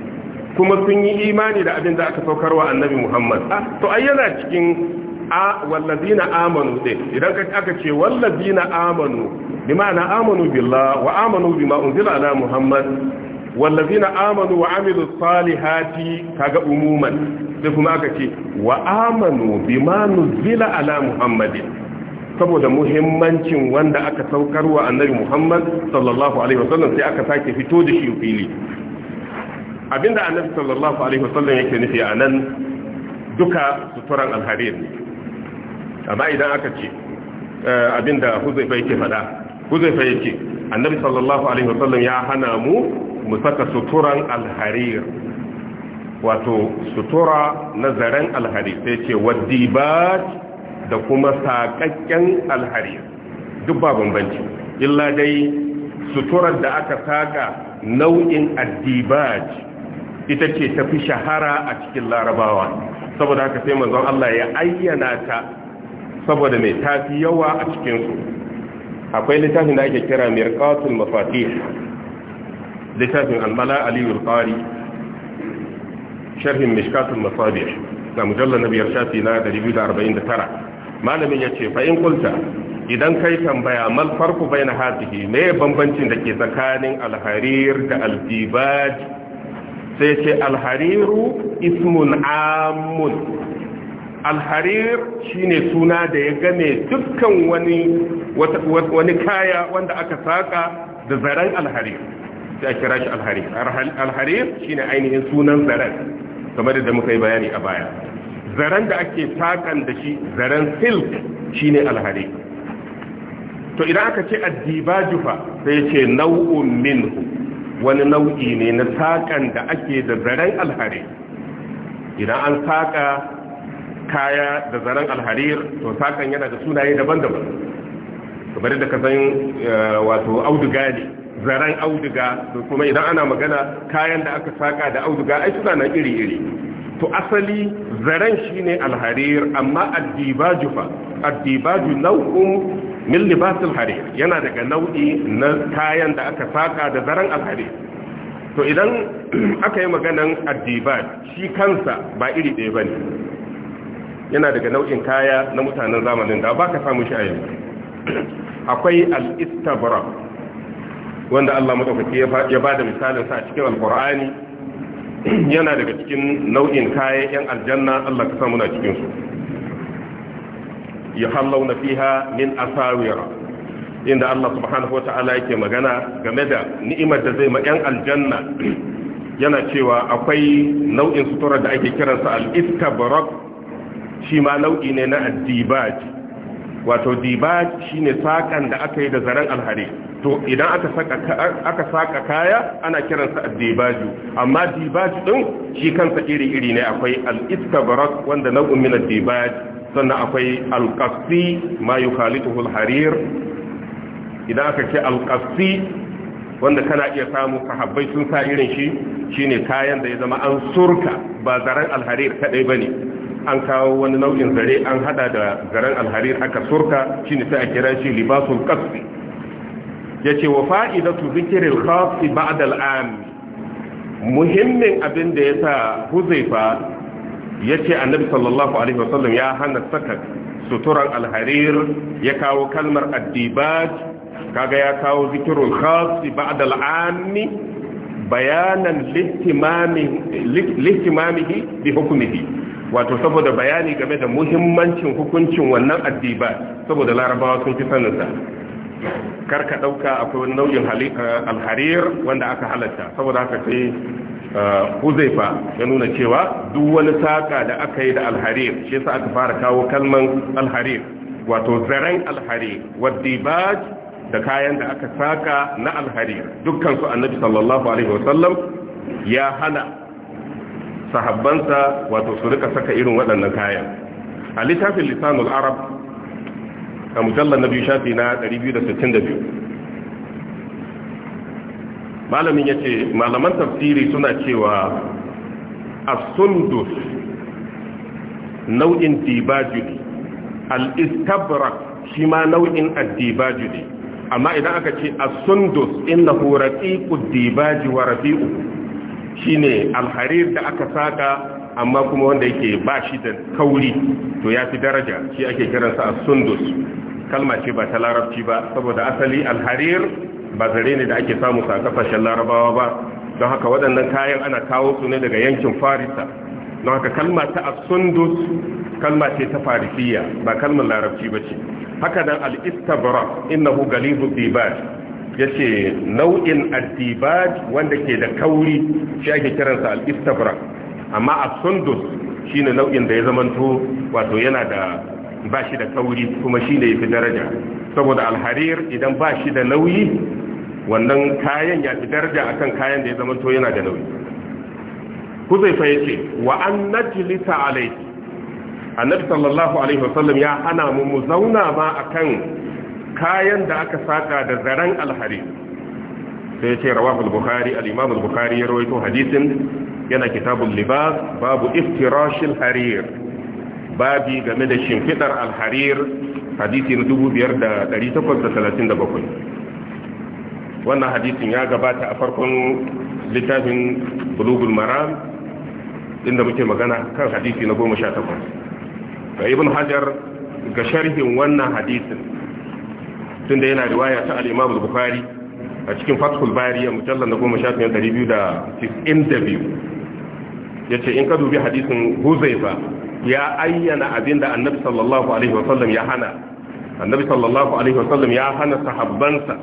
kuma sun yi imani da abin da aka saukar wa annabi muhammad ah, to ai yana cikin a na amanu din idan aka ce wallazi na amanu bima na amanu billah wa amanu bima zina ala muhammad wallazina amanu wa amilu salihati kaga umuman sai kuma aka ce wa amanu bima nuzila ala muhammadin saboda muhimmancin wanda aka saukar wa annabi muhammad sallallahu alaihi wasallam sai aka sake fito da shi fili abinda annabi sallallahu alaihi wasallam yake nufi a nan duka suturan alharir amma idan aka ce abinda huzaifa yake fada huzaifa yake annabi sallallahu alaihi wasallam ya hana mu mu saka suturan alharir wato sutura na zaren alharir sai ce wadibat da kuma sakakken alharir duk ba bambanci illa dai suturar da aka saka nau'in addibat ita ce tafi shahara a cikin larabawa saboda haka sai manzon Allah ya ayyana ta saboda mai tafi yawa a cikinsu akwai littafin da ake kira mirqatul mafatih littafin al Aliyu aliyul sharhin mishkatul masabih Na mujallal na biyar shafi na 249 malamin ya ce in kulta idan kai tambaya mal bai na hadhihi me bambancin da ke tsakanin al da al-dibaj sai ce al-hariru ismun amun alharir shine suna da ya game dukkan wani wani kaya wanda aka saka da zaren alharir sai a kira shi alharir alharir shine ainihin sunan zaren kamar da muka yi bayani a baya zaren da ake sakan da shi zaren silk shine alharir to idan aka ce addibajufa sai ce nau'un minhu wani nau'i ne na sakan da ake da zaren alharir idan an saka kaya da zaren alharir to sakan yana da sunaye daban-daban kamar da ka san eh, wato auduga ne zaren auduga to kuma idan ana magana kayan da aka saka da auduga ai suna na iri-iri to asali zaren shine alharir amma addibaju fa addibaju nau'un min libasul harir yana daga nau'i na kayan da aka saka da zaren alharir to idan aka yi maganan addibaj shi kansa ba iri ɗaya bane yana daga nau'in kaya na mutanen zamanin da ba ka samu shi a yanzu akwai al-istabra wanda Allah madaukaki ya ba da misalin sa a cikin alqur'ani yana daga cikin nau'in kaya yan aljanna Allah ka samu na cikin su yahallawna fiha min asawira inda Allah subhanahu wata'ala yake magana game da ni'imar da zai ma 'yan aljanna yana cewa akwai nau'in sutura da ake kiransa al-istabrak shi ma nau'i ne na dibaj wato dibaj shine sakan da aka yi da zaren alhari to idan aka saka kaya ana kiransa addibaju amma dibaj ɗin shi kansa iri-iri ne akwai al-istabrak wanda nau'in min dibaj sannan akwai al-qassi ma yukhalituhu al-harir idan aka ce al wanda kana iya samu sahabbai sun sa irin shi shine kayan da ya zama an surka ba zaren alharir kadai bane an kawo wani nau'in zare an hada da zaren alharir aka surka ne sai a kira shi libasul Ya ce wa fa'idatu zikirin khas ba'da al'am muhimmin abin da yasa huzaifa yace annabi sallallahu alaihi wasallam ya hana saka suturan alharir ya kawo kalmar addibaj kaga ya kawo zikirin khas ba'da al'am bayanan lihtimamihi bi hukmihi wato saboda bayani game da muhimmancin hukuncin wannan addiba saboda larabawa sun fi saninsa kar ka ɗauka akwai wani nau'in eh, alharir wanda aka halatta saboda haka sai eh, huzaifa ya nuna cewa duk wani saƙa da aka yi da alharir shi yasa aka fara kawo kalman alharir wato zaren alharir waddibaj da kayan da aka saka na alharir dukkan su annabi sallallahu alaihi wasallam ya hana sahabbansa wato su rika saka irin waɗannan kayan a littafin lisanul arab a mujallar na biyu shafi na 262 malamin ya ce malaman tafsiri suna cewa sundus nau'in dibajudi al-istabrak shi ma nau'in addibajudi amma idan aka ce asundus innahu raqiqud dibaji wa rafi'uhu shine alharir da aka saka amma kuma wanda yake ba shi da kauri to ya fi daraja shi ake kiransa a sundus kalma ce ba ta larabci ba saboda asali alharir ba zare ne da ake samu sa larabawa ba don haka waɗannan kayan ana kawo su ne daga yankin farisa don haka kalma ta sundus kalma ce ta farisiya ba kalmar larabci ba ce haka dan al-istabra innahu galibu dibar yace nau'in addibaj wanda ke da kauri shi ake kiransa alistabra amma Asundus shi ne nau'in da ya zamanto wato yana da bashi da kauri kuma shine yafi daraja saboda alharir idan idan bashi da nauyi wannan kayan ya fi daraja akan kayan da ya zamanto yana da nauyi huzaifa ya ce wa an najlisa alaihi annabi sallallahu alaihi wasallam ya hana mu mu zauna ma akan kayan da aka saka da zaren alhari sai ce rawahul bukhari al-imam al-bukhari ya rawaito hadisin yana kitabul libas babu iftirashil harir babi game da shimfidar alharir hadisi na 5837 wannan hadisin ya gabata a farkon littafin bulugul maram inda muke magana kan hadisi na 18 ga ibn hajar ga sharhin wannan hadisin tunda yana riwaya ta al-Imam bukhari a cikin Fathul Bari a mujallal na 10292 yace in ka dubi hadisin Huzaifa ya ayyana abinda Annabi sallallahu alaihi wasallam ya hana Annabi sallallahu alaihi wasallam ya hana sahabbansa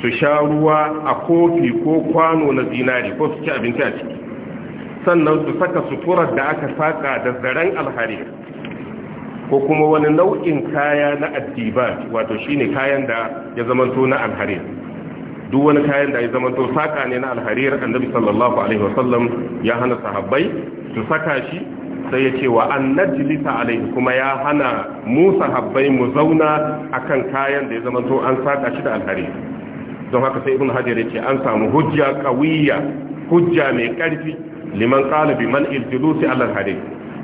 su sha ruwa a kofi ko kwano na zinari ko su ci abinci a ciki sannan su saka suturar da aka saka da zaren alharir ko kuma wani nau'in kaya na addibat wato shine kayan da ya zamanto na alharir duk wani kayan da ya zamanto saka ne na alharir annabi sallallahu alaihi wasallam ya hana sahabbai su saka shi sai ya ce wa an alaihi kuma ya hana mu sahabbai mu zauna akan kayan da ya zamanto an saka shi da alharir don haka sai ibn hajar yace an samu hujja qawiyya hujja mai karfi liman qala bi man iljulusi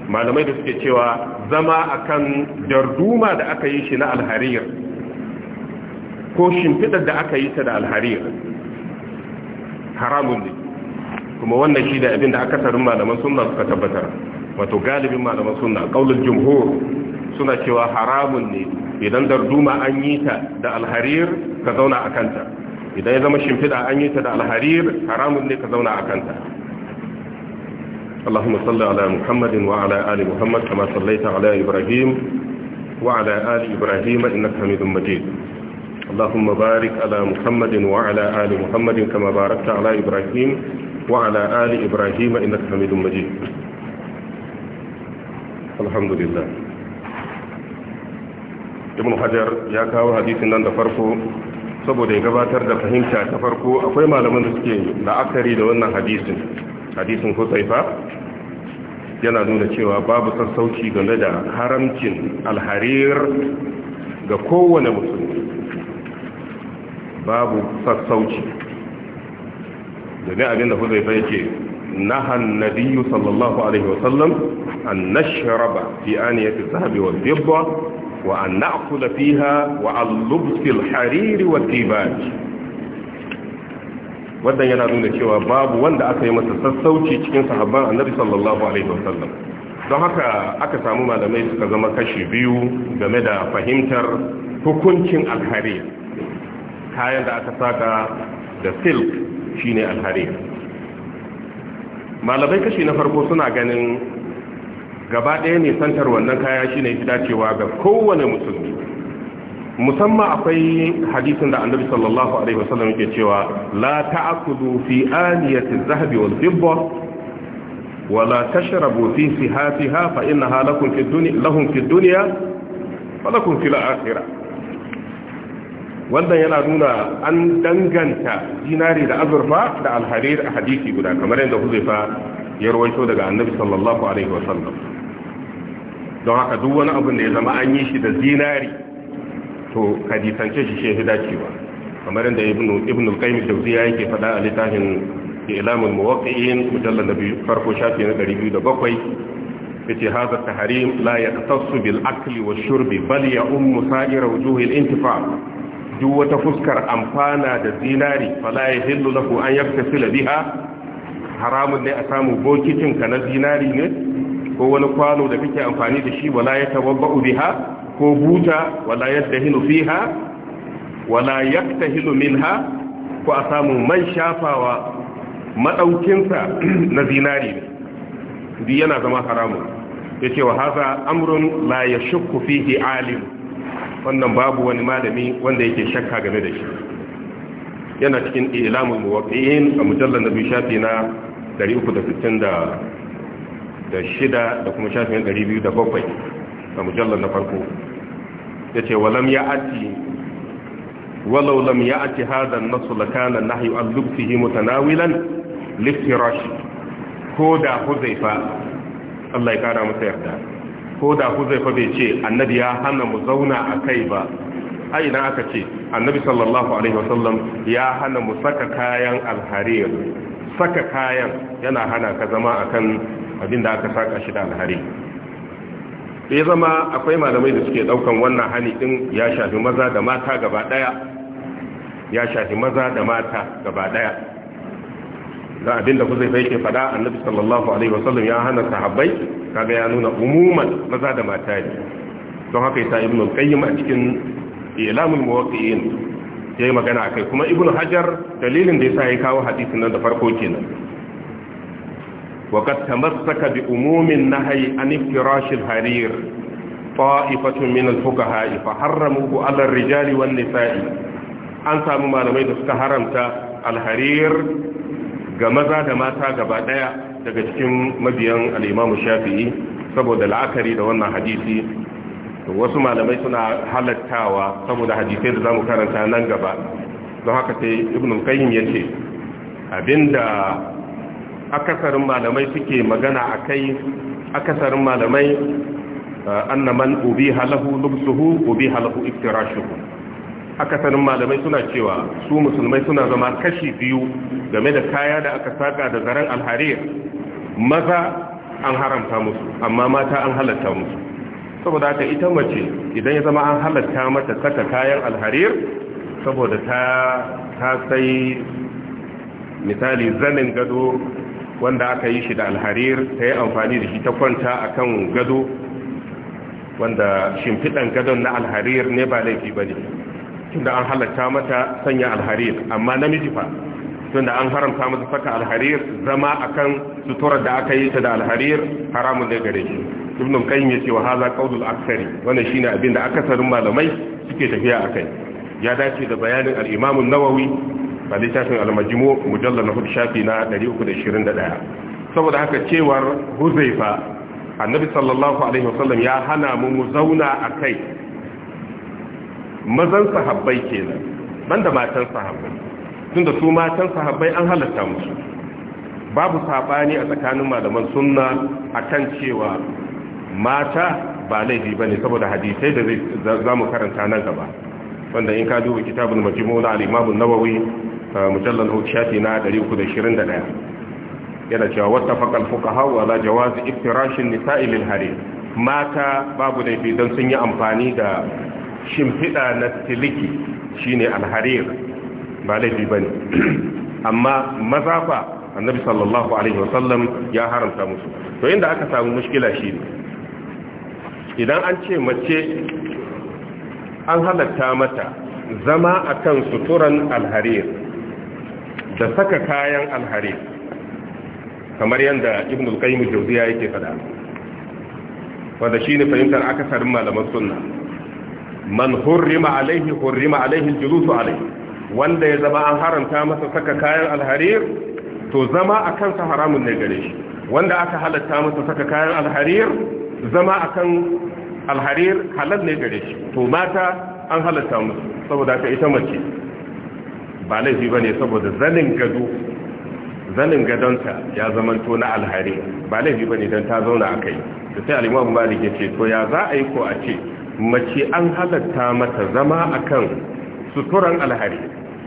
malamai da suke cewa zama akan darduma da aka yi shi na alhariyar ko shimfidar da aka yi ta da alhariyar haramun ne kuma wannan shi da abin da aka tarin malaman suna suka tabbatar wato galibin malaman suna ƙaunar jumhur suna cewa haramun ne idan darduma an yi ta da alharir ka zauna a kanta idan ya zama shimfida an yi ta da alharir haramun ne ka zauna a kanta اللهم صل على محمد وعلى آل محمد كما صليت على إبراهيم وعلى آل إبراهيم إنك حميد مجيد اللهم بارك على محمد وعلى آل محمد كما باركت على إبراهيم وعلى آل إبراهيم إنك حميد مجيد الحمد لله ibn hajar ya kawo hadisin nan da farko saboda ya gabatar da fahimta ta farko akwai malaman da suke la'akari da wannan hadisin hadisin husaifa yana nuna cewa babu sassauci game da haramcin alharir ga kowane musulmi babu sassauci domin abinda ya yake na nabiyu sallallahu alaihi wasallam an nashraba fi aniyati zahabi wal fidda wa an na'kula fiha wa an lubs hariri wa tibaj wannan yana nuna cewa babu wanda aka yi masa sassauci cikin sahabban annabi sallallahu alaihi wasallam don haka aka samu malamai suka zama kashi biyu game da fahimtar hukuncin alhari kayan da aka saka da silk shine alhari malamai kashi na farko suna ganin gaba ɗaya ne santar wannan kaya shine fi cewa ga kowane musulmi musamman akwai hadisin da annabi sallallahu alaihi wasallam yake cewa la ta'kulu fi aniyati adh-dhahabi wal fidda wa la tashrabu fi sihatiha fa innaha lakum fi dunya lahum fi dunya wa lakum fil akhirah wannan yana nuna an danganta dinari da azurfa da alharir a hadisi guda kamar yadda huzaifa ya rawaito daga annabi sallallahu alaihi wasallam don haka duk wani abin da ya zama an yi shi da dinari to hadisance nisance shi shehu dacewa kamar yadda ibn al-qayyim jawziya yake fada a littafin ilamul muwaqqi'in mujallal na biyu farko shafi na 207 yace hadha tahrim la yaqtasu bil akli wash shurbi bal ya sa'ira wujuhil intifa duk wata fuskar amfana da zinari fala yahillu lahu an yaktasila biha haramun ne a samu bokitin ka na zinari ne ko wani kwano da kake amfani da shi wala ya tawabba'u biha ko buta wala yadahinu fiha wala yaktahilu minha ko a samu man shafawa maɗaukinsa na zinari ne yana zama haramun yace wa haza amrun la yashukku fihi alim wannan babu wani malami wanda yake shakka game da shi yana cikin ilamul muwaqqi'in a mujallal nabi shafi na 366 da kuma shafin 207 a mujallar na farko ya ce walam ya ati walau lam ya ati hada nasu lakana nahyu an lubtihi mutanawilan liftirashi ko da huzaifa Allah ya kara masa yarda ko da huzaifa bai ce annabi ya hana mu zauna a kai ba ai na aka ce annabi sallallahu alaihi wasallam ya hana mu saka kayan alharir saka kayan yana hana ka zama akan abin da aka saka shi da alharir da zama akwai malamai da suke daukan wannan hani din ya shafi maza da mata gaba daya ya shafi maza da mata gaba daya da abinda kuzai fa yake fada annabi sallallahu alaihi wasallam ya hana sahabbai kaga ya nuna umuman maza da mata ne don haka yasa ibn al-qayyim a cikin ilamul muwaqqi'in yayi magana akai kuma Ibnu hajar dalilin da yasa ya kawo hadisin nan da farko kenan وقد تمسك بأموم النهي عن افتراش الحرير طائفة من الفقهاء فحرموه على الرجال والنساء an samu malamai da suka haramta alharir ga maza da mata gabaɗaya daga cikin mabiyan al'imamu shafi'i saboda la'akari da wannan hadisi wasu malamai suna halattawa saboda hadisai da za mu karanta nan gaba don haka sai ibn qayyim yace abinda akasarin malamai suke magana akai akasarin malamai eh, anna ubi halahu, lahu lubsuhu ubiha lahu iftirashuhu akasarin malamai suna cewa su musulmai suna zama kashi biyu game da kaya da aka saka da zaren alharir maza an haramta musu amma mata an halatta musu saboda haka ita mace idan ya zama an halatta mata saka kayan alharir saboda ta ta sai misali zanin gado wanda aka yi shi da alharir ta yi amfani da shi ta kwanta a kan gado wanda shimfiɗan gadon na alharir ne ba laifi ba ne tunda an halatta mata sanya alharir amma namiji fa tunda an haramta mata saka alharir zama akan suturar da aka yi ta da alharir haramun da gare shi ibn qayyim yace wa hadha qawlul aksari wannan shine abin da akasarin malamai suke tafiya akai ya dace da bayanin al-imam an-nawawi a littafin almajimu mujallar na hudu shafi na 321 saboda haka cewar huzaifa annabi sallallahu alaihi wasallam ya hana mu mu zauna a kai mazan sahabbai kenan banda matan sahabbai tunda su matan sahabbai an halatta musu babu sabani a tsakanin malaman sunna akan cewa mata ba laifi bane saboda hadisai da za karanta nan gaba wanda in ka duba kitabul majmu' na al-Imam an-Nawawi mujallar hudu shafi na 321 yana cewa wata faƙar fuka hawa ala jawazi iftirashin nisa'i lil hari mata babu laifi don sun yi amfani da shimfiɗa na siliki shine alharir ba laifi ba ne amma maza fa annabi sallallahu alaihi wasallam ya haramta musu to inda aka samu mushkila shi idan an ce mace an halatta mata zama akan suturan alharir da saka kayan alhari kamar yadda ibn al-qayyim jawziya yake fada wanda shine fahimtar akasarin malaman sunna man hurrima alaihi hurrima alaihi al-julusu alaihi wanda ya zama an haramta masa saka kayan alharir to zama akan sa haramun ne gare shi wanda aka halatta masa saka kayan alharir zama akan alharir halal ne gare shi to mata an halatta musu saboda ka ita mace ba laifi ba ne saboda zanin gado zanin gadonta ya zamanto na alhari ba laifi ba ne don ta zauna a kai da sai alimamu malik ya ce to ya za a yi ko a ce mace an halatta mata zama a kan suturan alhari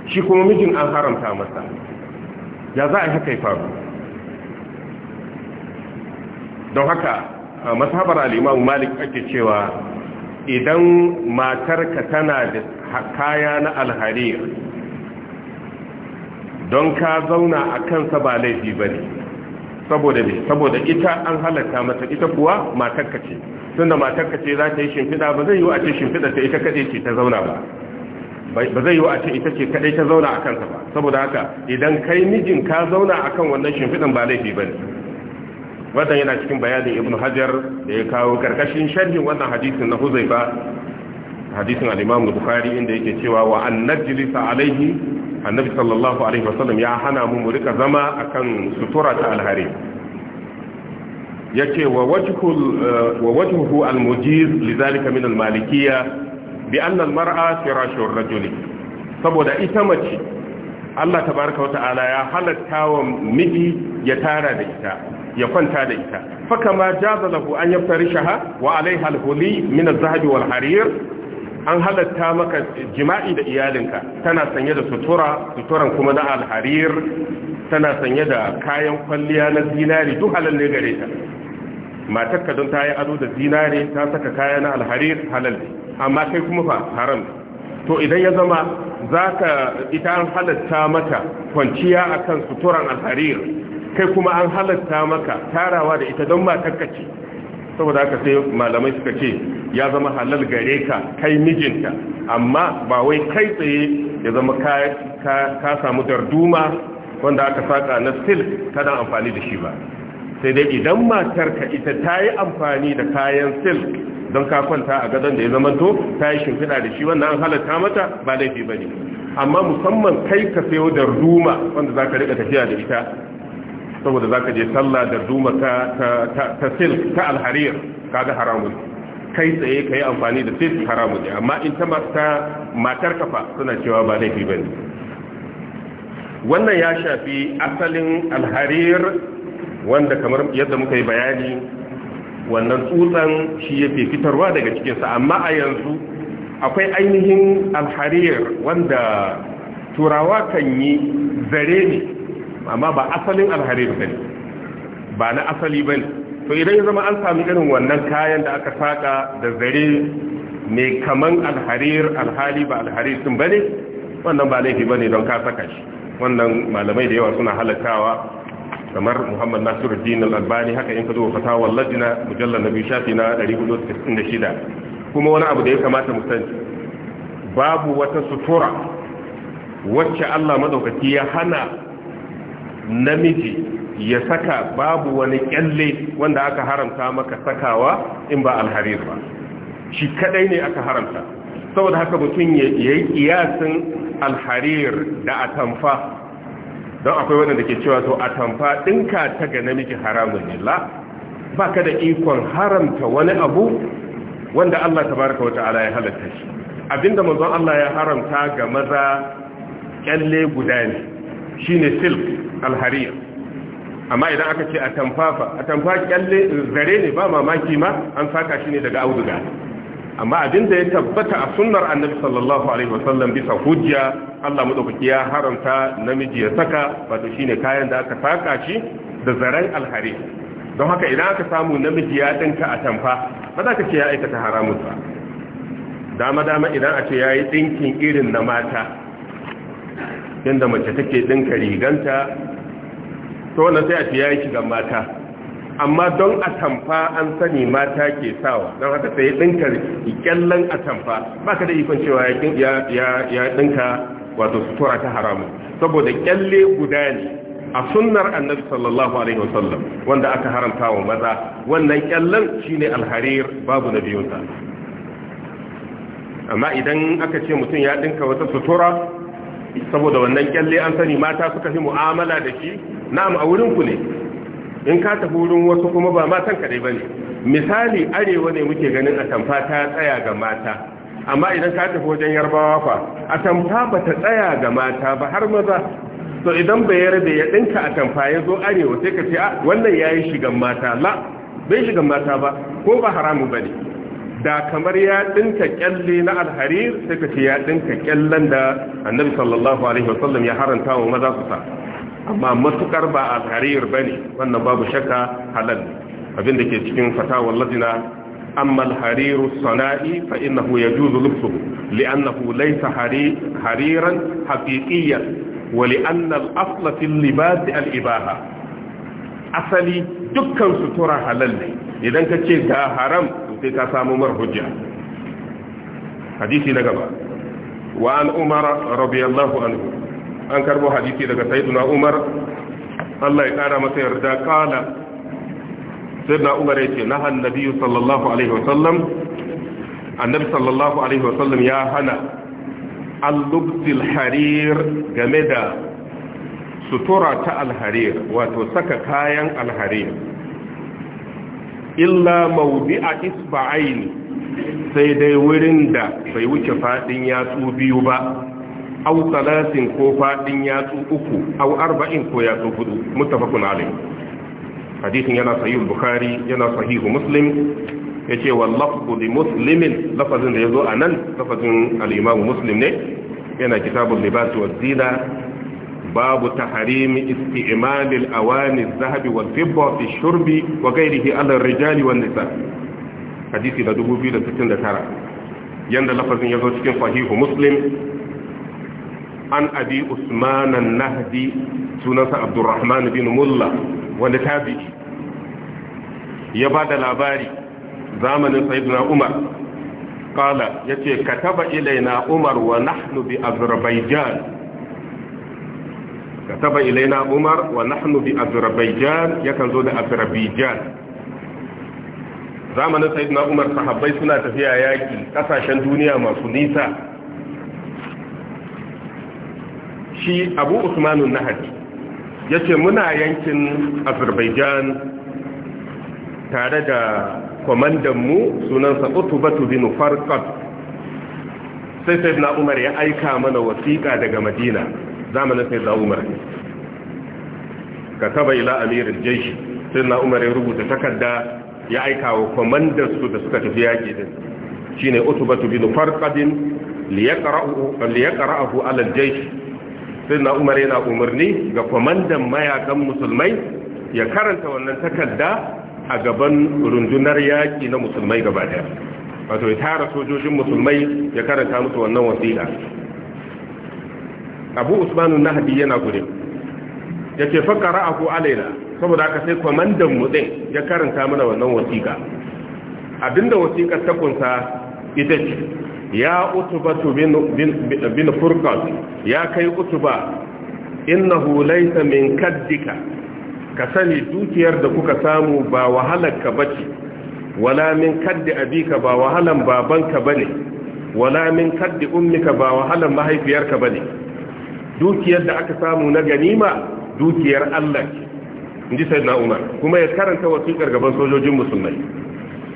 shi kuma mijin an haramta masa ya za a yi haka ya faru don haka masabar alimamu malik ake cewa idan matarka tana da kaya na alhari don ka zauna a kansa ba laifi ba ne saboda ne saboda ita an halatta mata ita kuwa matarka ce tunda matarka ce za ta yi shimfiɗa ba zai yi wa ce shimfiɗa ta ita kaɗai ce ta zauna ba ba zai yi wa ce ita ce kaɗai ta zauna a kansa ba saboda haka idan kai mijin ka zauna a kan wannan shimfiɗan ba laifi ba ne wannan yana cikin bayanin ibn hajar da ya kawo karkashin sharhin wannan hadisin na huzaifa hadisin al-imam bukhari inda yake cewa wa an najlisa alaihi annabi sallallahu alaihi wasallam ya hana mu mu rika zama akan sutura ta alhari yace wa wajhul eh, wa wajhuhu almujiz lidhalika min almalikiyya bi anna almar'a firashu ar saboda ita mace Allah tabaaraka wa ta'ala ya halatta wa miji ya tara da ita ya kwanta da ita fa kama jaza lahu an yaftarishaha wa alaiha alhuli min zahabi wal harir an halatta maka jima'i da iyalinka tana sanye da sutura suturan kuma na alharir tana sanye da kayan kwalliya na zinari duk halal ne gare ta matarka don ta yi ado da zinari ta saka kaya na alharir halal amma kai kuma fa haram to idan ya zama za ka ita an halatta maka kwanciya akan suturan alharir kai kuma an halatta maka tarawa da ita don matarka ce saboda aka sai malamai suka ce ya zama halal gare ka kai mijinta amma ba wai kai tsaye ya zama ka samu darduma wanda aka saka na silk kana amfani da shi ba sai dai idan matar ka ita ta yi amfani da kayan silk don ka kwanta a gadon da ya zamanto ta yi shimfiɗa da shi wannan halatta mata ba laifi ba ne amma musamman kai ka sayo darduma wanda za ka riƙa tafiya da ita saboda zaka je sallah da duma ta ta silk ta alharir kaga haramun kai tsaye yi amfani da silk haramun ne amma in ta matar kafa suna cewa ba laifi bane wannan ya shafi asalin alhariyar wanda kamar yadda muka yi bayani wannan tsutsan shi yake fitarwa daga cikinsa amma a yanzu akwai ainihin alhariyar wanda turawa kan yi zare ne amma ba asalin alharir bane ba na asali bane to idan ya zama an sami irin wannan kayan da aka saka da zare mai kaman alharir alhali ba alharir din bane wannan ba laifi bane don ka saka shi wannan malamai da yawa suna halakawa kamar Muhammad Nasiruddin Al-Albani haka in ka zo ladina mujallar mujallal nabi shafi na 496 kuma wani abu da ya kamata mu sani babu wata sutura wacce Allah madaukaki ya hana namiji ya saka babu wani kyalle wanda aka haramta maka sakawa in ba alharir ba shi kadai ne aka haramta saboda haka mutum ya yi kiyasin alharir da atamfa don akwai wanda ke cewa to atamfa ɗinka ta ga namiji haramun ne la ba ka da ikon haramta wani abu wanda Allah tabaraka wa ta'ala ya halatta shi abinda manzon Allah ya haramta ga maza kyalle guda ne shine silk alhariya amma idan aka ce a tamfafa a tamfa kyalle zare ne ba mamaki ma an saka shi ne daga auduga amma abin da ya tabbata a sunnar annabi sallallahu alaihi wasallam bisa hujja Allah madaukaki ya haramta namiji ya saka wato shine kayan da aka saka shi da zaren alhari don haka idan aka samu namiji ya dinka a tamfa ba za ka ce ya aikata haramun ba dama dama idan a ce yayi dinkin irin na mata inda mace take dinka riganta to wannan sai a ce yayi ga mata amma don atamfa an sani mata ke sawa don haka sai dinka kyallan atamfa ka da ikon cewa ya ya dinka wato sutura ta haramu saboda kyalle guda ne a sunnar annabi sallallahu alaihi wasallam wanda aka haramta wa maza wannan kyallan shine alharir babu na biyunsa. amma idan aka ce mutum ya dinka wata sutura saboda wannan kyalle an sani mata suka fi mu'amala da shi na'am a wurin ne in ka tafi wurin wasu kuma ba matan ba bane misali arewa ne muke ganin a tamfa ta tsaya ga mata amma idan ka tafi wajen yarbawa fa tamfa ba ta tsaya ga mata ba har maza to idan bai yarda ya dinka tamfa ya zo arewa sai ka ce a ah, wannan yayi shigan mata la bai shigan mata ba ko ba haramu bane da kamar ya dinka kyalle na alharir sai ka ce ya dinka kyallen da annabi sallallahu alaihi wasallam ya haranta wa maza su sa amma matukar ba alharir bane wannan babu shakka halal abin da ke cikin fatawa lajina amma alharir sana'i fa innahu yajuzu lubsuhu li'annahu laysa hariran haqiqiyyan ولأن الأصل في Al-Ibaha. asali dukkan sutura halal ne idan ka ce ga haram sai ka samu mar hujja hadisi na gaba wa an umar radiyallahu anhu an karbo hadisi daga sayyiduna umar Allah ya kara masa yarda kala sayyiduna umar yace nahan nabiyyu sallallahu alaihi wa sallam annabi sallallahu alaihi wa sallam ya hana al-lubsil harir game da sutura ta al-harir wato saka kayan al-harir. illa maudi a Isma'il sai dai wurin da bai wuce fadin yatsu biyu ba au talatin ko fadin yatsu uku au arba'in ko yatsu hudu muttafaqun alayh hadisin yana sahih bukhari yana sahih muslim yace wa li muslimin lafazin da yazo anan lafazin al-imam muslim ne yana kitabul libas wa zina babu taharimi isti'malil awani zahabi wal fibba fi shurbi wa ghairihi ala rijali wan nisa hadisi da 2069 yanda lafazin yazo cikin sahihu muslim an abi usman an-nahdi sunansa abdurrahman bin mulla wani tabi'i ya ba da labari zamanin sayyidina umar qala yace kataba na umar wa nahnu bi kataba ilaina umar wa nahnu bi azerbaijan yakan zo da azerbaijan zamanin sayyidina umar sahabbai suna tafiya yaki ƙasashen duniya masu nisa shi abu usmanun nahari ya ce muna yankin azerbaijan tare da kwamandan mu sunansa utubatu bin farkat sai sayyidina umar ya aika mana wasiƙa daga madina zamanin sai da umar ka taba ila amirin jeshi sai na umar ya rubuta takarda ya aika wa su da suka tafi yaƙi din shi ne utubatu bin farkadin liyaqra'ahu ala al-jaysh sai na umar yana umarni ga kwamandan mayakan musulmai ya karanta wannan takarda a gaban rundunar yaƙi na musulmai gaba wato ya tara sojojin musulmai ya karanta musu wannan wasila abu na nahabi yana gure ya ke fakara abu alaina saboda aka sai kwamandan mutsin ya karanta mana wannan wasiƙa abinda wasiƙar ta kunsa ita ce ya utuba bin furkan ya kai utuba innahu laysa min kaddika ka sani dukiyar da kuka samu ba wahalarka bace wala min kaddi abika ba wahalan babanka bane wala min kaddi ummika ba wahalan mahaifiyarka bane dukiyar da aka samu na ganima dukiyar Allah ce inji sayyidina Umar kuma ya karanta wasiƙar gaban sojojin musulmai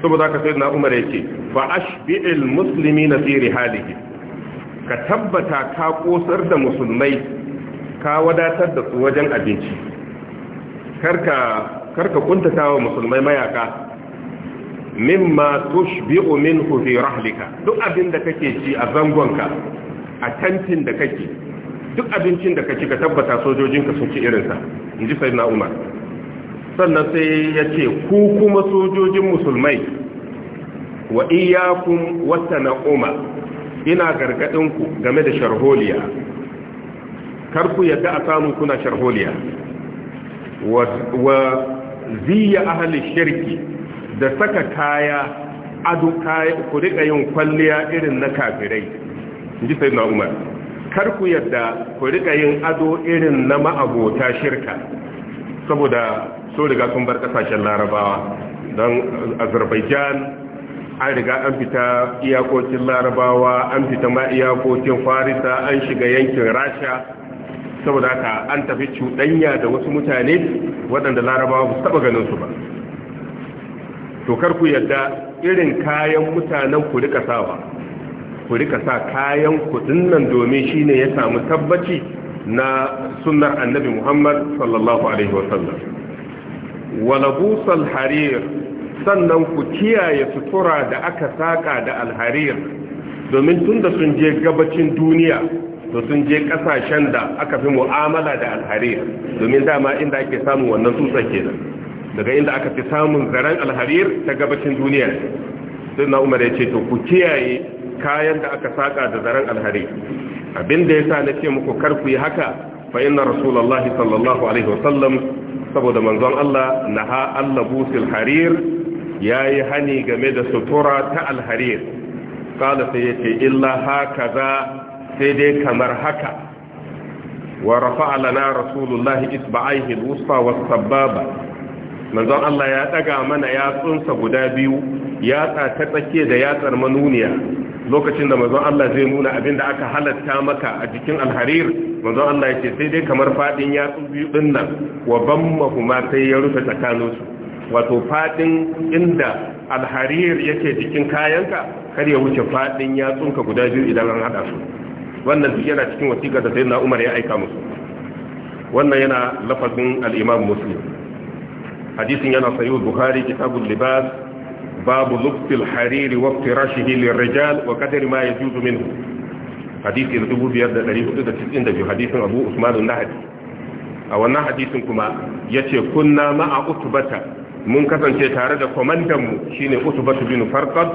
saboda haka sayyidina Umar yake fa ashbi'il muslimina fi rihalihi ka tabbata ka kosar da musulmai ka wadatar da su wajen abinci karka karka wa musulmai mayaka mimma tushbi'u minhu fi rahlika duk abin da kake ci a zangonka a tantin da kake duk abincin da ka ci ka tabbata sojojinka sun ci irinsa in ji sai na umar sannan sai ya ce ku kuma sojojin musulmai wa iyakun wata na'uma ina gargaɗinku game da sharholiya kar ku yadda a samu kuna sharholiya wa ziyya ahalin shirki da saka kaya adu kaya ku riƙa yin kwalliya irin na kafirai in ji sai na umar kar ku yadda ku rika yin ado irin na ma'abota shirka saboda so riga sun bar kasashen larabawa don azerbaijan an riga an fita iyakokin larabawa an fita ma iyakokin farisa an shiga yankin rasha saboda ka an tafi cuɗanya da wasu mutane waɗanda larabawa ba su taɓa ganin su ba to kar ku yadda irin kayan mutanen ku rika sawa ku rika sa kayan kudin nan domin shine ya samu tabbaci na sunar annabi Muhammad sallallahu alaihi wasallam walabusal harir sannan ku kiyaye sutura da aka saka da alharir domin tunda sun je gabacin duniya to sun je kasashen da aka fi mu'amala da alharir domin dama inda ake samun wannan tutsar kenan daga inda aka fi samun zaren alharir ta gabacin duniya sai na umar ya ce to ku kiyaye kayan da aka saka da zaren alhari abin da na nace muku kar ku yi haka fa'ina inna sallallahu alaihi wasallam saboda manzon Allah naha allabusil harir yayi hani game da sutura ta alharir kala ya yace illa za sai dai kamar haka wa rafa'a lana manzon Allah ya ɗaga mana yatsunsa guda biyu yatsa ta tsakiya da yatsar manuniya lokacin da manzon Allah zai nuna abin da aka halatta maka a jikin alharir manzon Allah ya ce sai dai kamar fadin yatsu biyu din nan wa bammahuma sai ya rufe tsakaninsu wato fadin inda alharir yake jikin kayanka kar ya wuce fadin yatsunka guda biyu idan an hada su wannan duk yana cikin wasiƙa da sayyidina Umar ya aika musu wannan yana lafazin al-Imam Muslim hadisin yana sahih Bukhari kitabul libas babu lubtil hariri wa firashihi lirrijal wa qadri ma yajuzu minhu hadisi 2492 hadisin Abu Usman an a wannan hadisin kuma yace kunna a utbata mun kasance tare da komandan mu shine utbatu bin farqad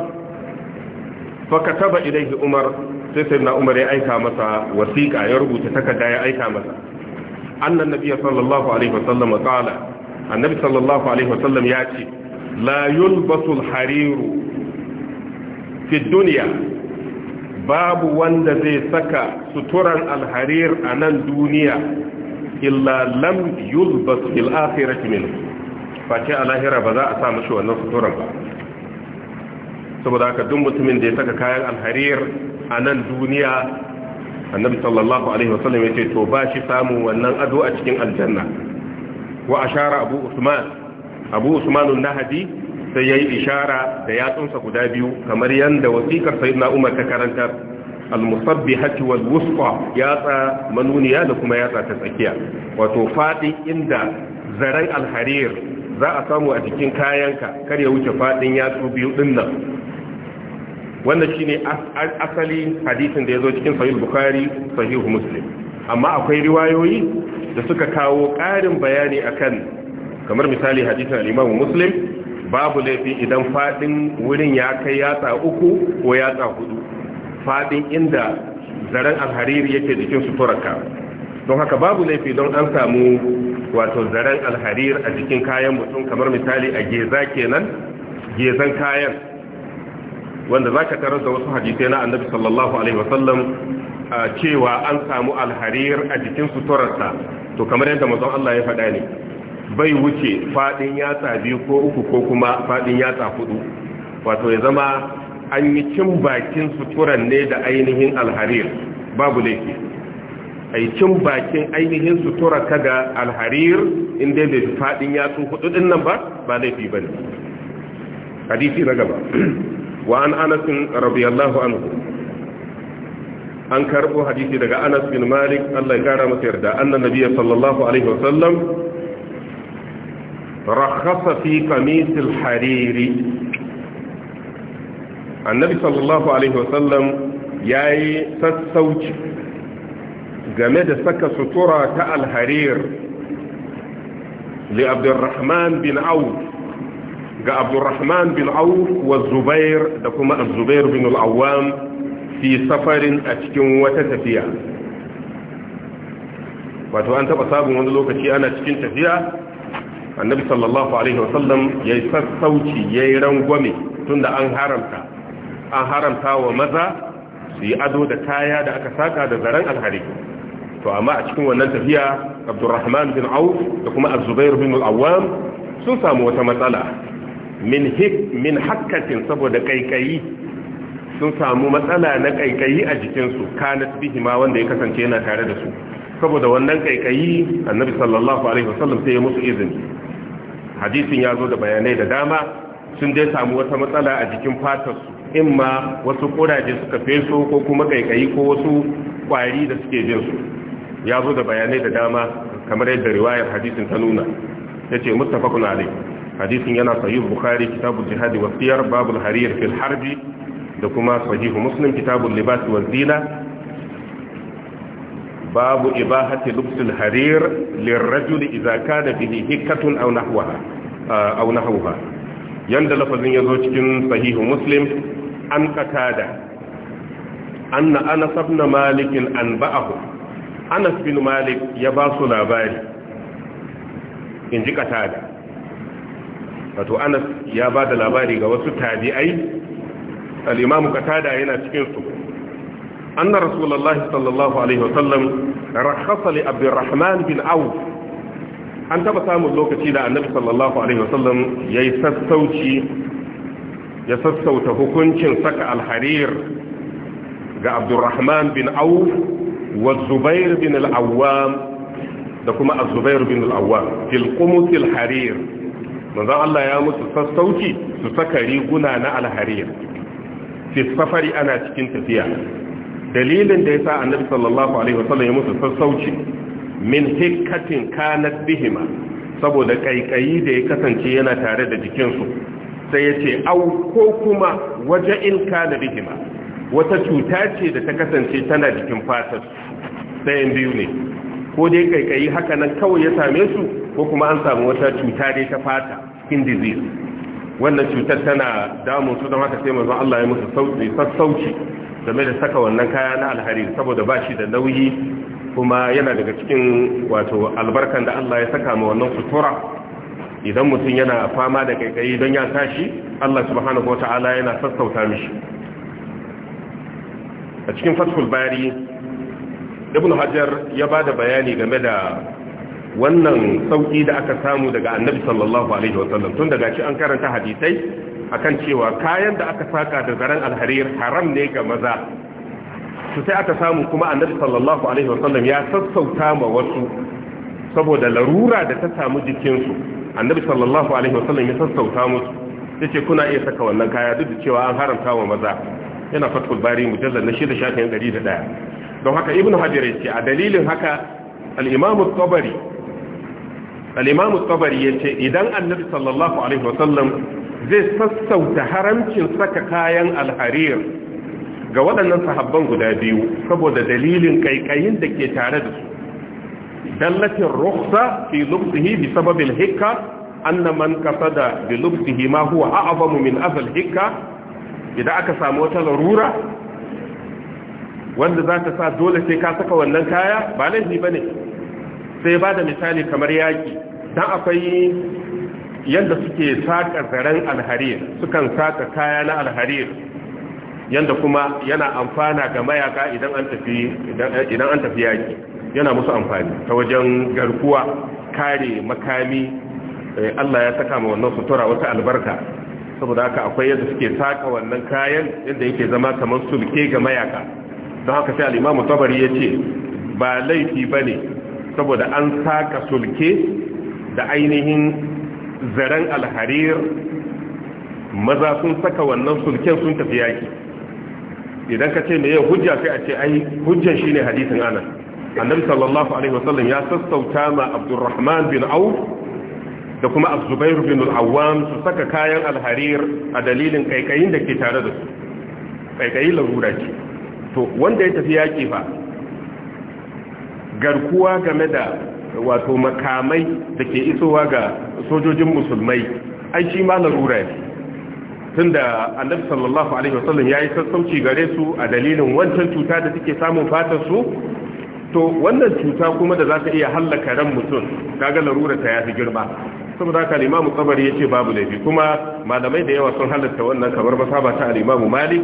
fa kataba ilayhi Umar sai sayyidina Umar ya aika masa wasiqa ya rubuta takarda ya aika masa annan nabiyyi sallallahu alaihi wasallam qala sallallahu alaihi ya ce la yulbasul hariru fi duniya babu wanda zai saka suturan alharir a nan duniya illa lam yulbas fil akhirati min face a lahira ba za a sa mashi wannan suturan ba saboda haka duk mutumin da ya saka kayan alharir a nan duniya annabi sallallahu alaihi wasallam ya ce to ba shi samun wannan ado a cikin aljanna wa ashara abu usman abu usmanun nahadi sai ya yi ishara da yatsunsa guda biyu kamar yadda wasikar sayyidina umar ta karantar al-musabbihati wal wusqa yatsa manuniya da kuma yatsa ta tsakiya wato faɗi inda zaren alharir za a samu a cikin kayanka kar ya wuce faɗin yatsu biyu ɗin nan wannan shine asali hadisin da ya zo cikin sahih bukhari sahih muslim amma akwai riwayoyi da suka kawo ƙarin bayani akan kamar misali hadisin al-Imam Muslim babu laifi idan fadin wurin ya kai yatsa uku ko yatsa hudu fadin inda zaren alhariri yake jikin suturarka don haka babu laifi don an samu wato zaren alharir a jikin kayan mutum kamar misali a geza kenan gezan kayan wanda za ka tarar da wasu hadisai na annabi sallallahu alaihi wasallam cewa an samu alharir a jikin suturarsa to kamar yadda mazan Allah ya faɗa ne bai wuce fadin yatsa biyu ko uku ko kuma fadin yatsa hudu wato ya zama an yi cin bakin suturan ne da ainihin alharir babu laifi a yi cin bakin ainihin sutura ka da alharir inda da fadin yatsun hudu din nan ba ba laifi ba ne hadisi na gaba wa an anasin rabiyallahu anhu an karbo hadisi daga anas bin malik allah ya kara masa yarda annan nabiya sallallahu alaihi wasallam rakhasa fi qamisil hariri annabi sallallahu alaihi wasallam yayi sassauci game da saka sutura ta alharir li abdurrahman bin auf ga abdurrahman bin auf wa zubair da kuma zubair bin Awam fi safarin a cikin wata tafiya Bato an taɓa sabon wani lokaci ana cikin tafiya annabi sallallahu alaihi wasallam ya yi sassauci ya yi rangwame tun da an haramta an haramta wa maza su yi ado da kaya da aka saka da zaren alhari to amma a cikin wannan tafiya abdurrahman bin auf da kuma azubair bin al'awam sun samu wata matsala min hakkatin saboda kaikayi sun samu matsala na kaikayi a jikinsu kanat bihima wanda ya kasance yana tare da su saboda wannan kaikayi annabi sallallahu alaihi wasallam sai ya musu izini hadisin ya zo da bayanai da dama sun dai samu wata matsala a jikin su in ma wasu kuraje suka feso ko kuma kaikayi ko wasu ƙwari da suke jin su ya zo da bayanai da dama kamar yadda riwayar hadisin ta nuna ya ce mustafakun alai hadisin yana sahih bukhari kitabu jihadi wasiyar babul harir fil harbi da kuma sahih muslim kitabul libas wa babu ibahati lubsul harir lirrajul idza da bihi hikatun aw nahwaha uh, aw nahwaha yanda lafazin yazo cikin sahihu muslim an qatada anna anas ibn malik an ba'ahu anas bin malik ya ba su labari in ji qatada wato anas ya ba da labari ga wasu tabi'ai al-imam yana cikinsu. anna rasulullahi sallallahu alaihi wasallam rakhasa li abdurrahman bin auf an taɓa samun lokaci da annabi sallallahu alaihi wasallam yayi ya sassauta hukuncin saka alharir ga abdurrahman bin auf wa zubair bin al da kuma az-zubair bin al-awwam harir manzon Allah ya musu sassauci su saka riguna na al-harir ana cikin tafiya dalilin da ya sa annabi sallallahu alaihi wasallam ya musu sassauci min hikkatin kanat bihima saboda kaikayi da ya kasance yana tare da jikinsu sai ya ce au ko kuma waje in kana bihima wata cuta ce da ta kasance tana jikin fatar sayan biyu ne ko dai kaikayi haka nan kawai ya same su ko kuma an samu wata cuta dai ta fata skin disease wannan cutar tana damun su don haka sai manzon Allah ya musu sassauci game da saka wannan kaya na alhari saboda ba shi da nauyi kuma yana daga cikin wato albarkan da Allah ya saka ma wannan sutura idan mutum yana fama da kaikayi don ya tashi Allah subhanahu ta'ala yana sassauta mishi a cikin fathul bari ibn hajar ya ba da bayani game da wannan sauki da aka samu daga annabi sallallahu alaihi wasallam tun daga shi an karanta hadisai akan cewa kayan da aka saka da zaren alharir haram ne ga maza su sai aka samu kuma annabi sallallahu alaihi wasallam ya sassauta ma wasu saboda larura da ta samu jikinsu annabi sallallahu alaihi wasallam ya sassauta musu ya ce kuna iya saka wannan kaya duk da cewa an haramta wa maza yana fatul bari mujallal na 6 shafin da 101 don haka ibnu hajar ce a dalilin haka al-imam at-tabari al-imam at-tabari yace idan annabi sallallahu alaihi wasallam zai sassauta haramcin saka kayan alharir ga waɗannan sahabban guda biyu saboda dalilin kaikayin da ke tare da su dallatin rukhsa fi lubsihi bi sababil hikka anna man da bi lubsihi ma huwa a'zamu min azal hikka idan aka samu wata larura wanda za ta sa dole sai ka saka wannan kaya ba laifi ba ne sai ba da misali kamar yaƙi don akwai Yadda suke saka zaren alharir sukan saka kaya na alharir yanda kuma yana amfana ga mayaka idan an tafi idan yaki yana musu amfani ta wajen garkuwa kare makami eh, Allah ya saka ma wannan sutura wata albarka saboda haka akwai yadda suke saka wannan kayan yadda yake zama kamar sulke ga mayaka don haka sai al-Imam ya ce ba laifi bane saboda an saka sulke da ainihin zaren alharir maza sun saka wannan sulken sun tafi yaki idan ka ce me yin hujja sai a ce ai hujjan shine hadisin ana. annabi sallallahu alaihi wasallam ya sassauta ma abdurrahman bin auf da kuma az-zubair bin awwam su saka kayan alharir a dalilin kaikayin da ke tare da su kaikayi larura ce to wanda ya tafi yaki fa garkuwa game da wato makamai da ke isowa ga sojojin musulmai an shi ma larura ne tunda annabi sallallahu alaihi wasallam yi sassauci gare su a dalilin wancan cuta da take samun fatar su to wannan cuta kuma da za ta iya hallaka ran mutum kaga larura ta yafi girma saboda haka al-imamu ya ce babu laifi kuma malamai da yawa sun halatta wannan kamar masaba ta al malik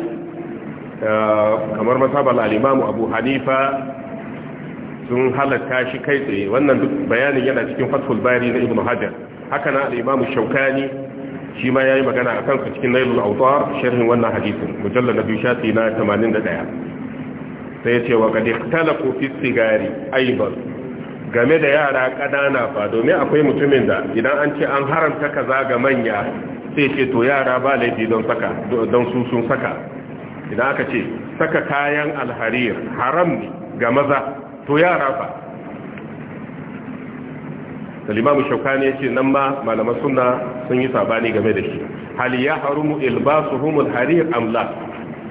eh, kamar masaba al abu hanifa sun halatta shi kai tsaye wannan duk bayanin yana cikin fathul bari na ibnu hajar haka na al-imam shaukani shi ma yayi magana akan su cikin nailul awtar sharhin wannan hadisin mujallal na biyu shafi na 81 sai yace wa qad ikhtalafu fi sigari aidan game da yara kadana fa domin akwai mutumin da idan an ce an haramta kaza ga manya sai ce to yara ba laifi don saka don su sun saka idan aka ce saka kayan alharir haram ne ga maza to yara ba salimamu shaukani ya ce nan ma malaman suna sun yi sabani game da shi hali ya harumu ilbasu humul harir amla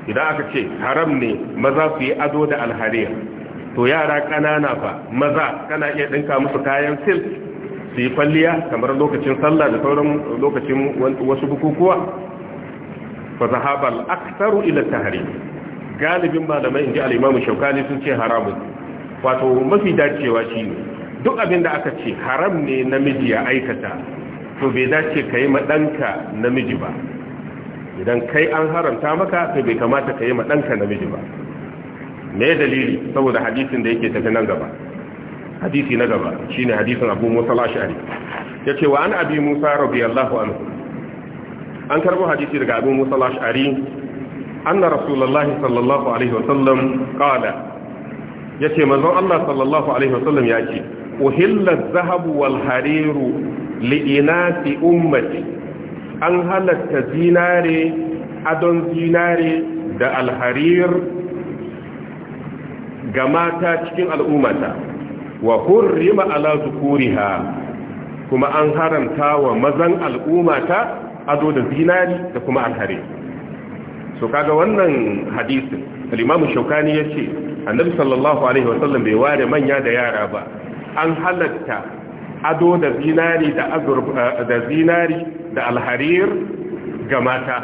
idan aka ce haram ne maza su yi ado da alharir to yara kanana fa maza kana iya dinka musu kayan sil su yi falliya kamar lokacin sallah da sauran lokacin wasu bukukuwa fa zahabal aktaru ila tahrim galibin malamai inji al-imamu shaukani sun ce haramun wato mafi dacewa shi duk abin da aka ce haram ne namiji ya aikata to bai dace ka yi maɗanka namiji ba idan kai an haramta maka to bai kamata ka yi maɗanka namiji ba me dalili saboda hadisin da yake tafi nan gaba hadisi na gaba shine hadisin abu musa lashari ya ce wa an abi musa rabiyallahu anhu an karbo hadisi daga abu musa lashari anna rasulullahi sallallahu alaihi wasallam qala yace manzon Allah sallallahu alaihi wasallam ya ce uhilla zahabu wal hariru li fi ummati an halatta zinare adon zinare da alharir ga mata cikin al'ummata wa hurrima ala zukuriha kuma an haramta wa mazan al'ummata ado da zinari da kuma alharir so kaga wannan hadisin al-imamu shaukani yace annabi sallallahu alaihi wasallam bai ware manya da yara ba an halatta ado da zinari da eh, da zinari da alharir ga mata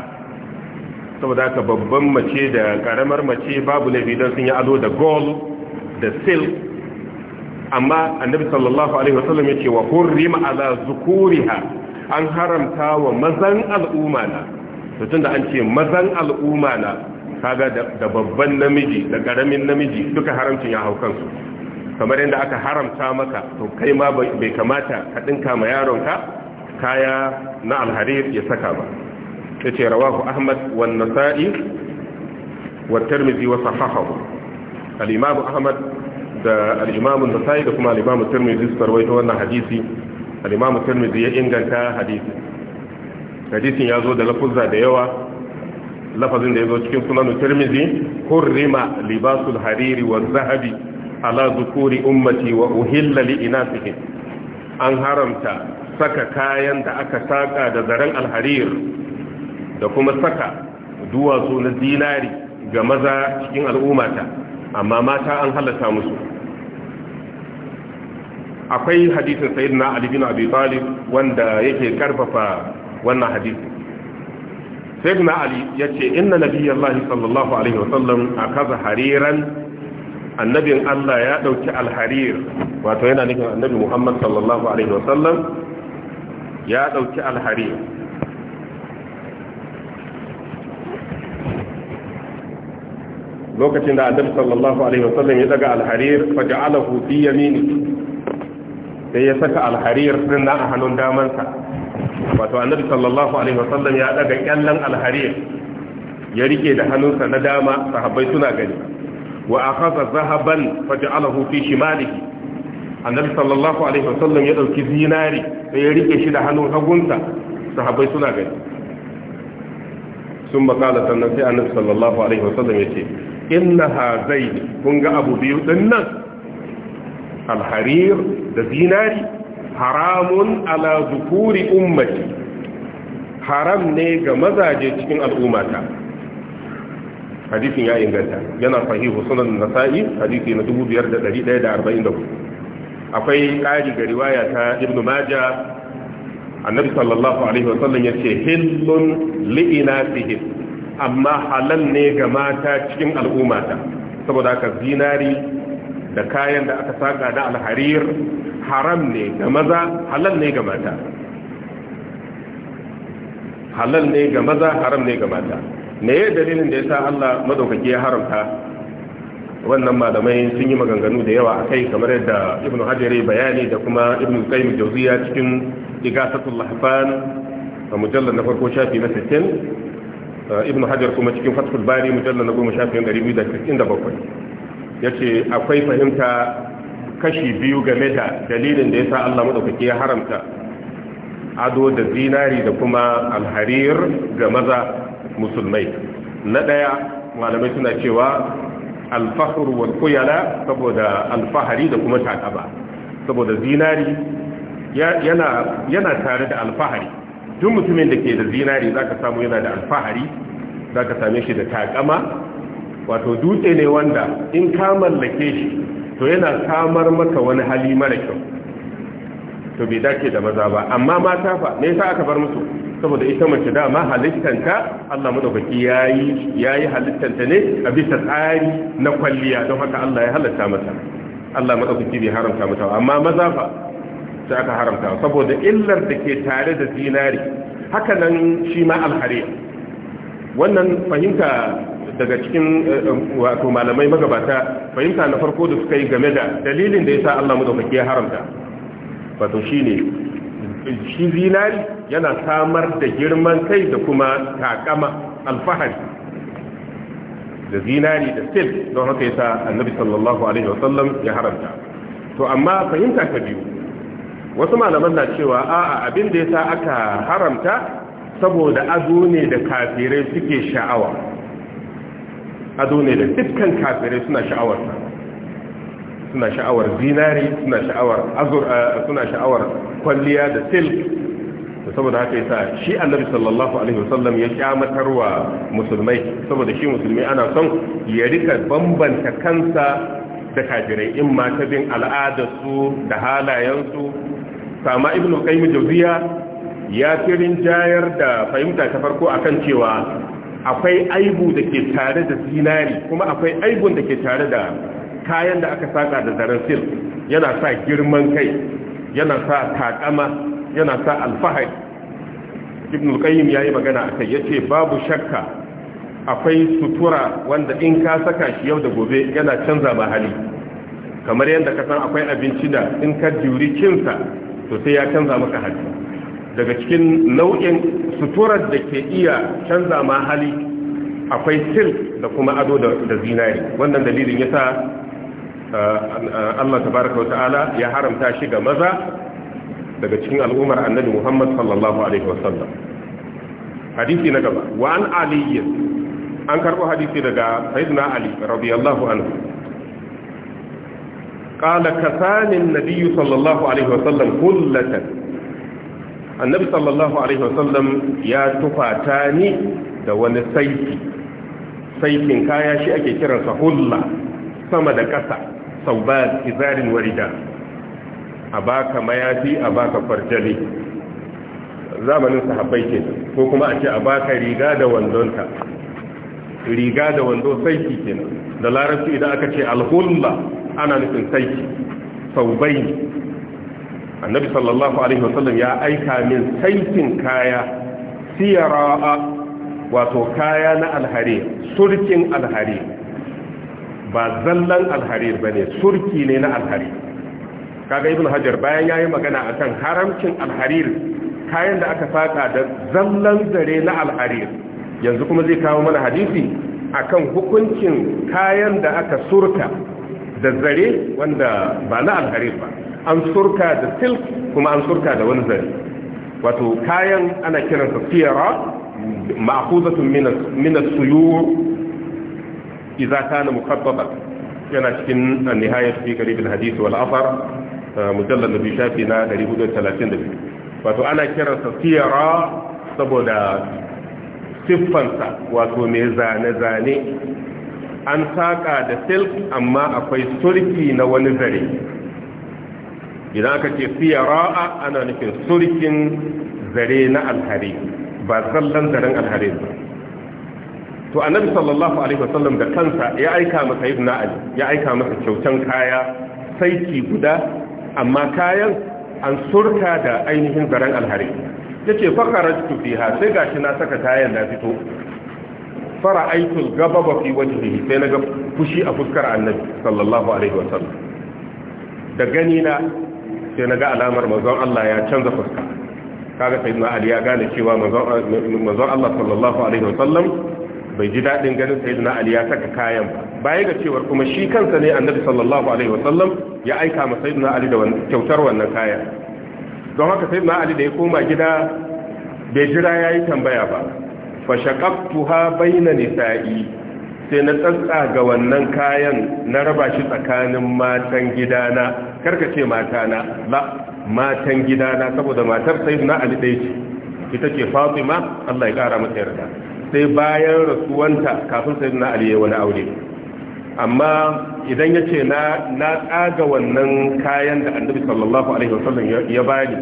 saboda haka babban mace da karamar mace babu laifi don sun yi ado da gold da silk amma annabi sallallahu alaihi wasallam yake wa hurrima ala zukuriha an haramta wa mazan al'umma na tunda an ce mazan al'umma na kaga da babban namiji da karamin namiji duka haramcin ya hau kansu kamar yadda aka haramta maka to kai ma bai kamata ka dinka ma yaronka kaya na alharir ya saka ba Ya ce rawahu ahmad wan nasa'i wa tirmidhi wa sahahahu al-imam ahmad da al-imam nasai da kuma al-imam tirmidhi su tarwaito wannan hadisi al-imam tirmidhi ya inganta hadisi hadisin ya zo da lafuzza da yawa lafazin da ya zo cikin sunan tirmizi hurrima libasul hariri wa zahabi ala zukuri ummati wa uhilla li inasihim an haramta saka kayan da aka saka da zaren alharir da kuma saka duwatsu na zinari ga maza cikin al'ummata amma mata an halatta musu akwai hadisin sayyidina ali bin abi talib wanda yake karfafa wannan hadisin sayyidina ali yace inna nabiyallahi sallallahu alaihi wasallam akaza hariran annabin Allah ya dauki alharir wato yana nufin annabi Muhammad sallallahu alaihi wasallam ya dauki alharir lokacin da annabi sallallahu alaihi wasallam ya daga alharir faja'alahu fi yamini sai ya saka alharir din na hannun damansa wato annabi sallallahu alaihi wasallam ya daga kyallan alharir ya rike da hannunsa na dama sahabbai suna gani wa akhadha zahaban faj'alahu fi shimalihi annabi sallallahu alaihi wasallam ya dauki zinari sai ya rike shi da hannun hagunsa sahabbai suna gani sun makala sannan sai annabi sallallahu alaihi wasallam ya ce inna hazaini kun ga abu biyu din nan alharir da zinari haramun ala zukuri ummati haram ne ga mazaje cikin al'ummata hadisin ya inganta yana sahihu sunan nasa'i hadisi na 5144 akwai ƙari ga riwaya ta ibnu majah annabi sallallahu alaihi wasallam ya ce hillun li'inatihim amma halal ne ga mata cikin al'ummata saboda haka zinari da kayan da aka saka da alharir haram ne ga maza halal ne ga mata halal ne ga maza haram ne ga mata me ya dalilin da ya sa Allah madaukake ya haramta wannan malamai sun yi maganganu da yawa akai kamar yadda ibnu hajar ya bayani da kuma ibnu qayyim jawziya cikin igasatul lahfan a mujallal na farko shafi na 60 uh, ibnu hajar kuma cikin fathul bari mujallal na goma shafi na yace akwai fahimta kashi biyu game da dalilin da ya sa Allah maɗaukaki ya haramta ado da zinari da kuma alharir ga maza musulmai na ɗaya malamai suna cewa alfahar wal kuyala saboda alfahari da kuma takaba saboda zinari yana tare da alfahari duk mutumin da ke da zinari zaka samu yana da alfahari zaka same shi da takama wato dutse ne wanda in ka mallake shi to yana samar maka wani hali mara kyau to bai dace da maza ba amma mata fa me yasa aka bar musu saboda ita mace dama halittanta Allah madaukaki yayi yayi halittanta ne a bisa tsari na kwalliya don haka Allah ya halatta mata Allah madaukaki bai haramta mata amma maza fa sai aka haramta saboda illar da ke tare da zinari haka nan shi ma alhariya wannan fahimta daga cikin eh, eh, wato malamai magabata fahimta na farko da suka yi game da dalilin da ya sa Allah madaukaki ya haramta wato shine shi zinari yana samar da girman kai da kuma takama alfahari da zinari da sil don haka sa annabi sallallahu alaihi wasallam ya haramta to amma fahimta ta biyu wasu malaman na cewa a'a abin da yasa aka haramta saboda azu ne da kafirai suke sha'awa ado ne da dukkan kafirai suna sha'awar suna sha'awar zinari suna sha'awar azur eh, suna sha'awar kwalliya da silk saboda haka yasa shi annabi sallallahu alaihi wasallam ya kyamatarwa musulmai saboda shi musulmi ana son ya rika bambanta kansa da kafirai in ma ta bin al'adarsu da halayensu sama ibnu qayyim jawziya ya firin jayar da fahimta ta farko akan cewa akwai aibu da ke tare da zinari kuma akwai aibun da ke tare da kayan da aka saka da zaren sil yana sa girman kai yana sa takama yana sa alfahari ibn al-qayyim yayi magana akai yace babu shakka akwai sutura wanda in ka saka shi yau da gobe yana canza ma hali kamar yadda ka san akwai abinci da in ka juri kinsa to sai ya canza maka hali daga cikin nau'in suturar da ke iya canza ma hali akwai sil da kuma ado da zinari wannan dalilin ya sa eh, Allah tabaraka wata'ala ya haramta shi ga maza daga cikin al'ummar annabi Muhammad sallallahu alaihi wasallam hadisi na gaba wa an ali an karɓo hadisi daga sayyidina ali radiyallahu anhu qala kasani an-nabiy sallallahu alaihi wasallam kullatan annabi sallallahu alaihi wasallam ya tufata ni da wani saiki saikin kaya shi ake kiransa hulla sama da ƙasa sau ba izarin warida a baka mayafi a baka farjali. zamanin sahabbai ke ko kuma a ce a baka riga da wandonta riga da wando saiki kenan da larabci idan aka ce alhulla ana nufin saiki sau bai annabi sallallahu alaihi wasallam ya aika min saitin kaya siyara wato kaya na alhari surkin alhari ba zallan alhari ne surki ne na alhari kaga ibn hajar bayan ya yi magana akan haramcin alhari kayan da aka saka da zallan zare na alhari yanzu kuma zai kawo mana hadisi akan hukuncin kayan da aka surka da zare wanda ba na alhari ba an surka da silk kuma an surka da wani zari wato kayan ana kiransa siyara ma'khuzatun min as-suyur idza kana mukhabbatan yana cikin nihayat fi qarib al-hadith wal athar uh, mujallad nabi shafi na 432 wato ana kiransa siyara saboda siffansa wato mai zane-zane an saƙa da silk amma akwai surki na wani zare idan aka ce ra'a ana nufin surkin zare na alhari ba zallan zaren alhari ba to annabi sallallahu alaihi wasallam da kansa ya aika masa ibn ali ya aika masa kyautan kaya saiti guda amma kayan an surka da ainihin zaren alhari yace fa kharajtu fiha sai gashi na saka kayan na fito fara gaba gababa fi wajhihi sai na ga fushi a fuskar annabi sallallahu alaihi wasallam da gani na sai na ga alamar manzon Allah ya canza fuska kaga sai na Ali ya gane cewa manzon Allah sallallahu alaihi wasallam bai ji dadin ganin sai na Ali ya saka kayan baya ga cewa kuma shi kansa ne annabi sallallahu alaihi wasallam ya aika ma sai na Ali da kyautar wannan kayan don haka sai na Ali da ya koma gida bai jira yayi tambaya ba fa shaqaqtuha bayna nisa'i sai na tsantsa ga wannan kayan na raba shi tsakanin matan gidana karkace matana la matan gidana saboda matar sai ali ɗaya ce ita ce fatima Allah ya kara mata yarda sai bayan rasuwanta kafin sai ali ya wani aure amma idan ya ce na tsaga wannan kayan da annabi sallallahu alaihi wasallam ya bani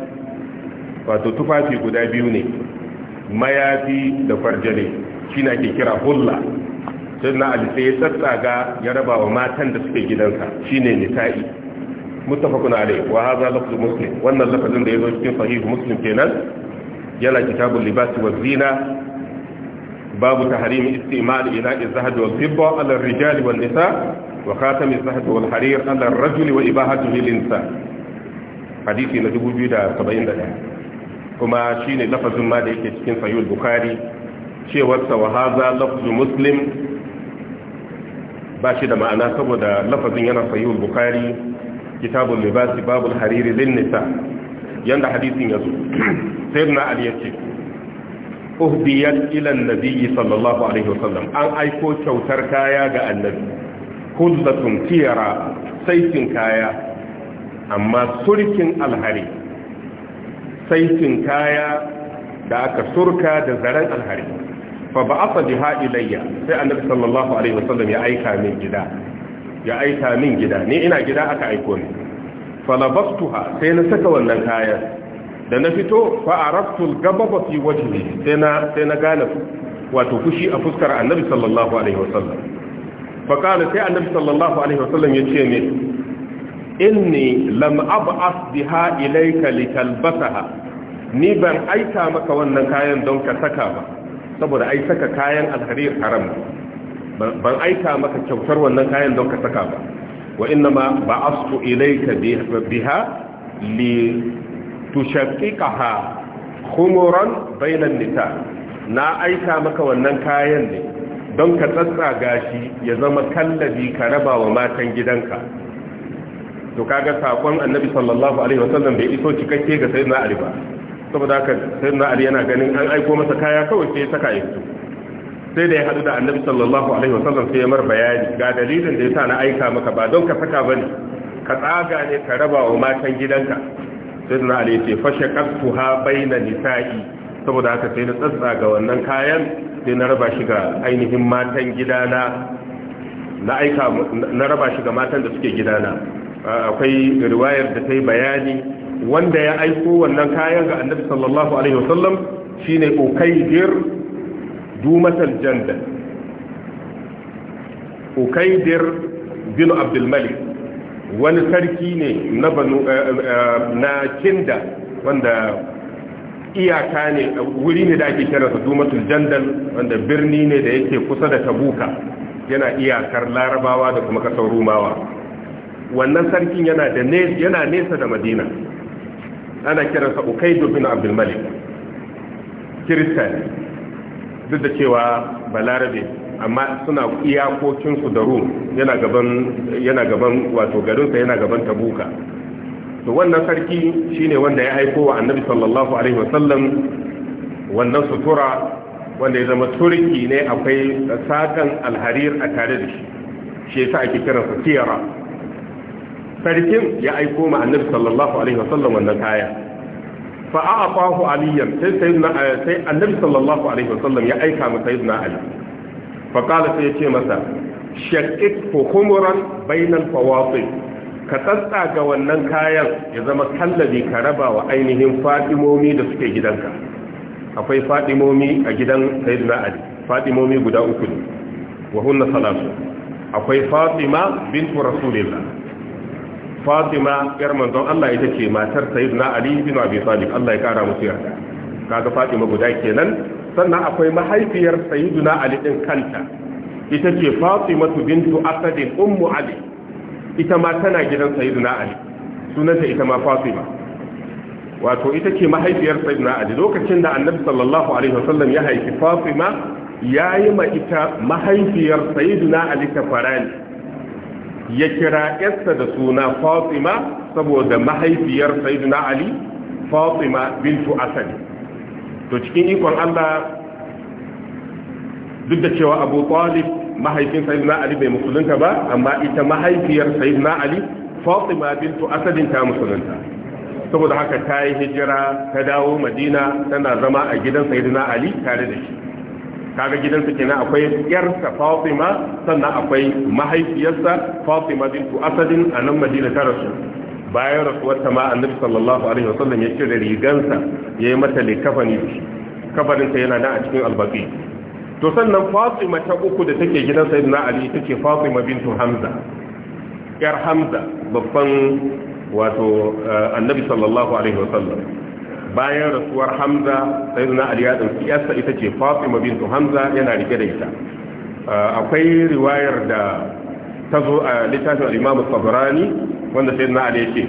wato tufafi guda biyu ne mayafi da farjale shi na ke kira hulla sai na ali sai ya tsatsaga ya raba wa matan da suke gidansa shine nisa'i muttafaqun alayhi wa hadha lafzu muslim wannan lafazin da ya zo cikin sahih muslim kenan yana kitabun libasi wa zina babu tahrim istimal ina in wal fidda zibba alar rijali wa nisa wa khatam az-zahd wal harir alar rajuli wa ibahatihi lin-nisa hadisi na ɗaya. kuma shine lafazin ma da yake cikin sahih bukhari cewarsa wa haza lafzu muslim ba shi da ma'ana saboda lafazin yana sahihul bukari kitabun libasi babul hariri lin nisa yadda hadisin ya zo sai yace aliyarci ila ilan nabi sallallahu alaihi wasallam an aiko kyautar kaya ga annabi kullatun tiyara saitin kaya amma surkin alhari saitin kaya da aka surka da zaren alhari fa ba'atha biha ilayya sai annabi sallallahu alaihi wasallam ya aika min gida ya aika min gida ni ina gida aka aiko ni falabastuha sai na saka wannan kayan da na fito fa araftul gababa fi wajhi sai na sai na gane wato fushi a fuskar annabi sallallahu alaihi wasallam fa kana sai annabi sallallahu alaihi wasallam ce ne inni lam ab'ath biha ilayka litalbasaha ni ban aika maka wannan kayan don ka saka ba saboda ai saka kayan alharir haram ban aika maka kyautar wannan kayan don ka saka ba wa inna ma ba'astu ilayka biha li tushaqqiqaha khumuran bainan nisa na aika maka wannan kayan ne don ka tsatsa gashi ya zama kallabi ka raba wa matan gidanka to kaga sakon annabi sallallahu alaihi wasallam bai iso cikakke ga sayyidina ali ba saboda haka na ali yana ganin an aiko masa kaya kawai sai ya saka ya fito sai da ya hadu da annabi sallallahu alaihi wasallam sai ya mar bayani ga dalilin da yasa na aika maka ba don ka saka bane ka tsaga ne ka raba wa matan gidanka na ali ce fashe ha baina nisa'i saboda haka sai na ga wannan kayan sai na raba shi ga ainihin matan gidana na aika na raba shi ga matan da suke gidana akwai riwayar da ta yi bayani wanda ya aiko wannan kayan ga annabi sallallahu alaihi wasallam shine ukaidir dumatal janda ukaidir bin abdul malik wani sarki ne na banu eh, eh, eh, na kinda wanda iyaka ne wuri ne da ake kira sa dumatul jandal wanda birni ne da yake kusa da tabuka yana iyakar larabawa da kuma kasar rumawa wannan sarkin yana da yana nesa da madina ana kiransa ukaidu bin abdul malik kirista ne duk da cewa balarabe amma suna iyakokinsu da rum yana gaban wato garinsa yana gaban tabuka to wannan sarki shine wanda ya aiko wa annabi sallallahu alaihi wasallam wannan sutura wanda ya zama turki ne akwai sakan alharir a tare da shi shi yasa ake kiransa tiyara sarkin ya aiko ma annabi sallallahu alaihi wasallam wannan kaya fa a'tahu aliyan sai sayyidina eh, sai annabi sallallahu alaihi wasallam ya aika ma sayyidina ali fa qala sai yace masa shaqqiq fu khumran bainal fawatin ka tsatsa ga wannan kayan ya zama kallabi ka raba wa ainihin fadimomi da suke gidanka akwai fadimomi a gidan sayyidina ali fadimomi guda uku ne wa hunna salatu akwai fatima bintu rasulillah fatima yar manzon Allah ita ce matar sayyidina ali bin abi talib Allah ya kara musu yarda kaga fatima guda kenan sannan akwai mahaifiyar sayyidina ali din kanta ita ce fatima bintu asad ummu ali ita ma tana gidan sayyidina ali sunanta ita ma fatima wato ita ce mahaifiyar sayyidina ali lokacin da annabi sallallahu alaihi wasallam ya haifi fatima yayi ma ita mahaifiyar sayyidina ali ta farani ya kira ƴarsa da suna fatima saboda mahaifiyar sayyidina ali fatima bintu asali to cikin ikon Allah duk da cewa Abu Talib mahaifin sayyidina Ali bai musulunta ba amma ita mahaifiyar sayyidina Ali Fatima bintu Asad ta musulunta saboda haka ta yi hijira ta dawo Madina tana zama a gidan sayyidina Ali tare da shi kaga gidansa kenan akwai yarsa Fatima sannan akwai mahaifiyarsa Fatima bintu Asadin a nan Madina ta rasu bayan rasuwar ta ma Annabi sallallahu alaihi wasallam ya cire rigansa yayi mata likafani kafarin ta yana nan a cikin albaki to sannan Fatima ta uku da take gidan Sayyidina Ali ita ce Fatima bintu Hamza yar Hamza babban wato eh, Annabi sallallahu alaihi wasallam bayan rasuwar hamza sai zuna ali ya ɗauki yarsa ita ce fatima bintu hamza yana rike da ita uh, akwai riwayar da ta zo a littafin al'imamu tsabarani wanda sai zuna ali ya ce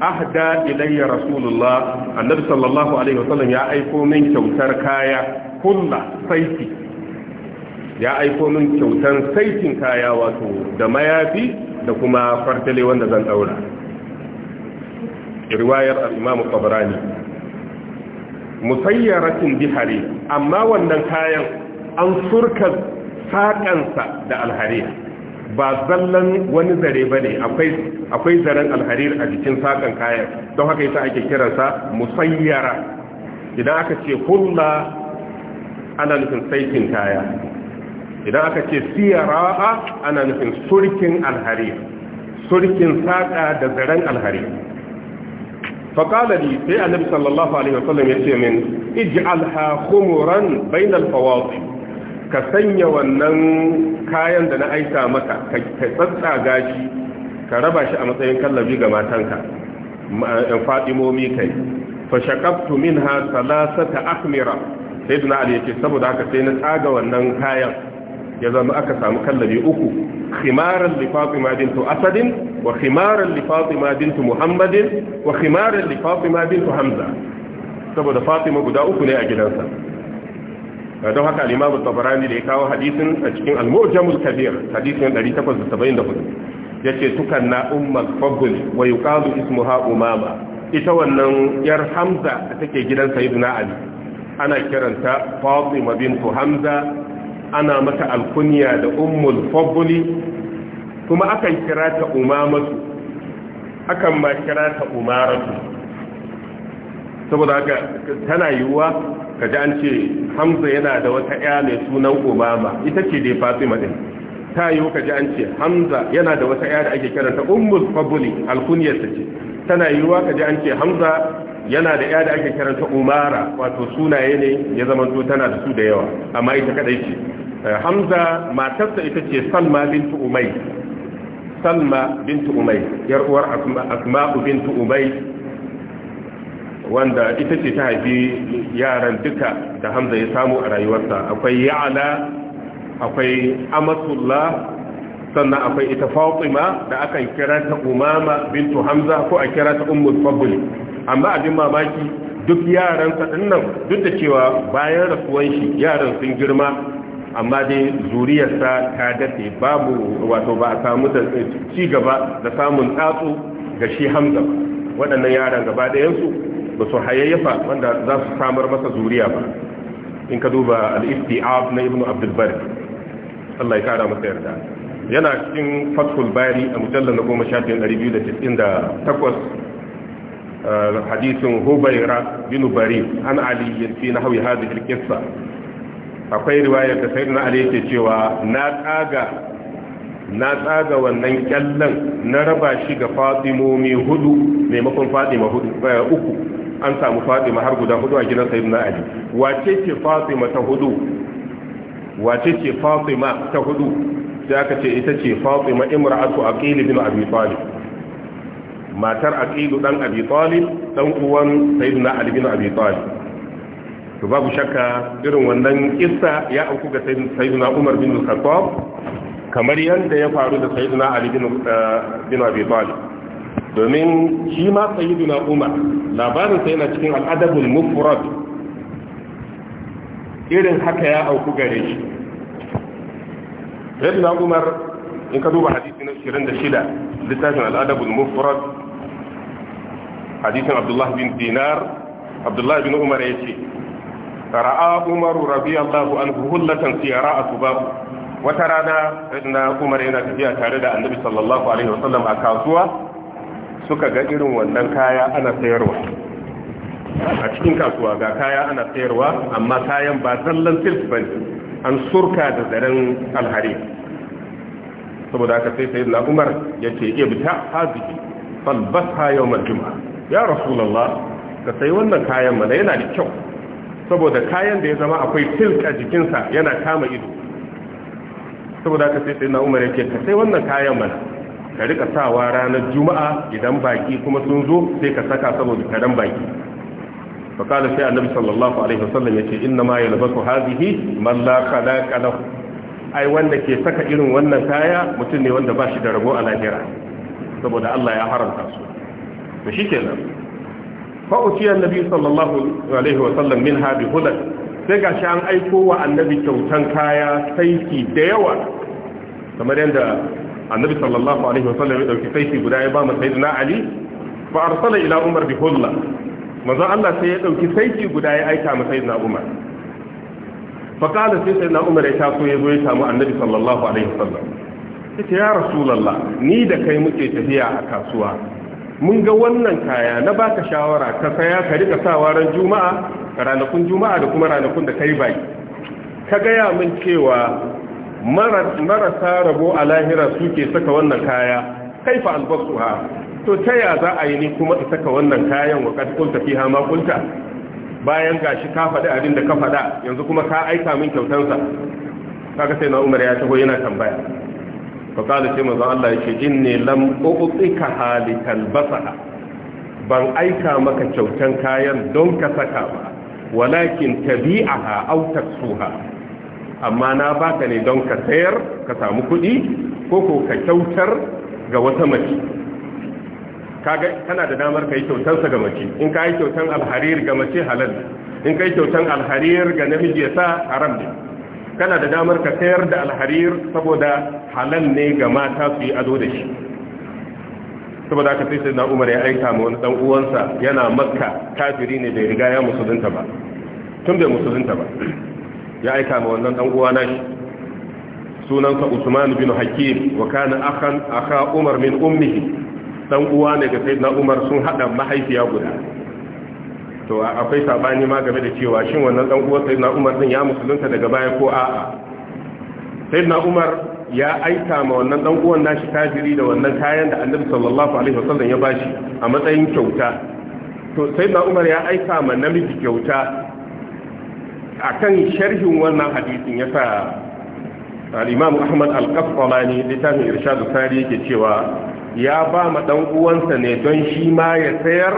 ahda ilayya rasulullah annabi sallallahu alaihi wasallam ya aiko min kyautar kaya kulla saiti ya aiko min kyautar saitin kaya wato da mayafi da kuma fartale wanda zan daura riwayar al-imam tabarani musayyaratin bihari amma wannan kayan an surka saƙansa da alharir ba zallan wani zare ba ne akwai zaren alharir a jikin saƙan kayan don haka yasa ake kiransa musayyara idan aka ce hulla ana nufin saikin kaya idan aka ce siyara'a ana nufin surkin alharir surkin saƙa da zaren alharir faƙala li sai annabi sallallahu alaihi wasallam ya ce min ij'alha khumuran bainal fawadi ka sanya wannan kayan da na aika maka ka tsatsaga shi ka raba shi a matsayin kallabi ga matanka eh, fadimomi kai fa shaqaftu minha thalathata ahmira sayyidina ali yace saboda haka sai na tsaga wannan kayan ya zama aka samu kallabi uku khimaran li fatima bintu asadin wa khimaran li fatima bintu muhammadin wa khimaran li fatima bintu hamza saboda fatima guda uku ne a gidansa don haka al-imam tabarani da ya kawo hadisin a cikin al-mu'jamul kabir hadisin 874 yace tukanna ummul fadl wa yuqalu ismuha umama ita wannan yar hamza da take gidan sayyidina ali ana kiranta fatima bintu hamza ana mata alkuniya da ummul fadli kuma akan kira ta umamatu akan ma kira ta umaratu saboda haka tana yiwuwa kaji an ce hamza yana da wata ya mai sunan umama ita ce dai fatima din ta yiwu kaji an ce hamza yana da wata ya da ake ta ummul fadli alkuniyarta ta ce tana yiwuwa kaji an ce hamza yana da ya da ake kiranta umara wato sunaye ne ya zama tana da su da yawa amma ita kadai ce eh, hamza matarsa ita ce salma bintu umay salma bintu umay yar uwar asma'u bintu umay wanda ita ce ta haifi yaran duka da hamza ya samu a rayuwarsa akwai ya'ala akwai amatullah sannan akwai ita fatima da akan kira ta umama bintu hamza ko a kira ta ummul amma abin mamaki duk yaransa dinnan, nan duk da cewa bayan rasuwan shi yaran sun girma amma dai zuriyarsa ta dace babu wato ba a samu da eh, ci gaba da samun tsatsu ga shi hamza waɗannan yaran gaba ɗayansu ba su hayayyafa wanda za su samar masa zuriya ba in ka duba al istiaf na ibnu abdul bari Allah ya kara masa yarda yana cikin fathul bari a mujallal na goma ɗari biyu da da takwas. hadisin hubaira bin bari an aliyin fi nahwi hadhihi alqissa akwai riwayar da sayyidina ali yake cewa na tsaga wannan kyallan na raba shi ga fatimomi hudu maimakon fatima hudu uku an samu fatima har guda hudu a gidan sayyidina ali wace ce fatima ta hudu wace ce fatima ta hudu sai aka ce ita ce fatima imra'atu aqil bin abi talib matar aqilu dan abi talib dan uwan sayyidina ali bin abi talib to babu shakka irin wannan kissa ya auku ga sayyidina umar bin khattab kamar yanda ya faru da sayyidina ali bin eh, bin abi talib domin shi ma sayyidina umar labarin sa yana cikin al-adabul mufrad irin haka ya auku gare shi sayyidina umar in ka duba hadisi na 26 littafin al'adabul mufrad hadisin abdullah bin dinar abdullah bin umar ya ce ra'a umar radiyallahu anhu hullatan siyara asuba wata rana na umar yana tafiya tare da annabi sallallahu alaihi wasallam a kasuwa suka ga irin wannan kaya ana sayarwa a cikin kasuwa ga kaya ana sayarwa amma kayan ba zallan silk bane an surka da zaren alhari saboda haka sai sayyidina umar ya ce ibta hazihi falbasha al juma'a ya rasulullah ka sai wannan kayan mana yana da kyau saboda kayan da ya zama akwai tilka a jikinsa yana kama ido saboda haka sai sayyidina umar ya ce ka sai wannan kayan mana ka rika sawa ranar juma'a idan baki kuma sun zo sai ka saka saboda karan baki فقال sai annabi sallallahu alaihi wasallam yace inna ma yalbasu hadhihi man la خلاق له ai wanda ke saka irin wannan kaya mutum ne wanda ba shi da rabo a lahira saboda Allah ya haramta su to nan. fa uciya annabi sallallahu alaihi wa sallam min hadi hudan sai gashi an aiko wa annabi kyautan kaya saiki da yawa kamar yadda annabi sallallahu alaihi wa sallam ya dauki saiki guda ya ba mu sayyidina ali fa arsala ila umar bi hulla manzo Allah sai ya dauki saiki guda ya aika mu sayyidina umar fakala sai sai na umar ya taso ya zo ya samu annabi sallallahu alaihi wasallam yace ya rasulullah ni da kai muke tafiya a kasuwa mun ga wannan kaya na baka shawara ka saya ka rika sawa ran juma'a ranakun juma'a da kuma ranakun da kai bai ka gaya mun cewa marasa rabo a lahira suke saka wannan kaya kaifa albasuha to ta ya za a yi ni kuma saka wannan kayan wa kad fiha ma kunta bayan ga shi ka faɗi abin da ka faɗa yanzu kuma ka aika min kyautansa kaga sai na umar ya taho yana tambaya ka kada ce manzo Allah ya yake inni lam uqtika halikal basaha ban aika maka kyautan kayan don ka saka ba walakin tabi'aha aw taksuha amma na baka ne don ka sayar ka samu kuɗi ko ko ka kyautar ga wata mace kaga kana da damar kai kyautan sa ga mace in ka yi kyautan alharir ga mace halal in kai kyautan alharir ga namiji ya sa haram ne kana da damar ka sayar da alharir saboda halal ne ga mata su yi ado da shi saboda aka sai na umar ya aika ma wani dan uwansa yana makka kafiri ne bai riga ya musulunta ba tun bai musulunta ba ya aika ma wannan dan uwa shi. sunansa usman bin hakim wa kana akhan akha umar min ummihi dan uwa ne ga sayyidina Umar sun hada mahaifiya guda to akwai sabani ma game da cewa shin wannan dan uwa sayyidina Umar din ya musulunta daga baya ko a'a sayyidina Umar ya aika ma wannan dan uwan nashi tajiri da wannan kayan da Annabi sallallahu alaihi wasallam ya bashi a matsayin kyauta to sayyidina Umar ya aika ma namiji kyauta akan sharhin wannan hadisin ya sa al-Imam Ahmad al-Qasqalani littafin Irshadu tsari yake cewa ya ba ma dan uwansa ne don shi ma ya sayar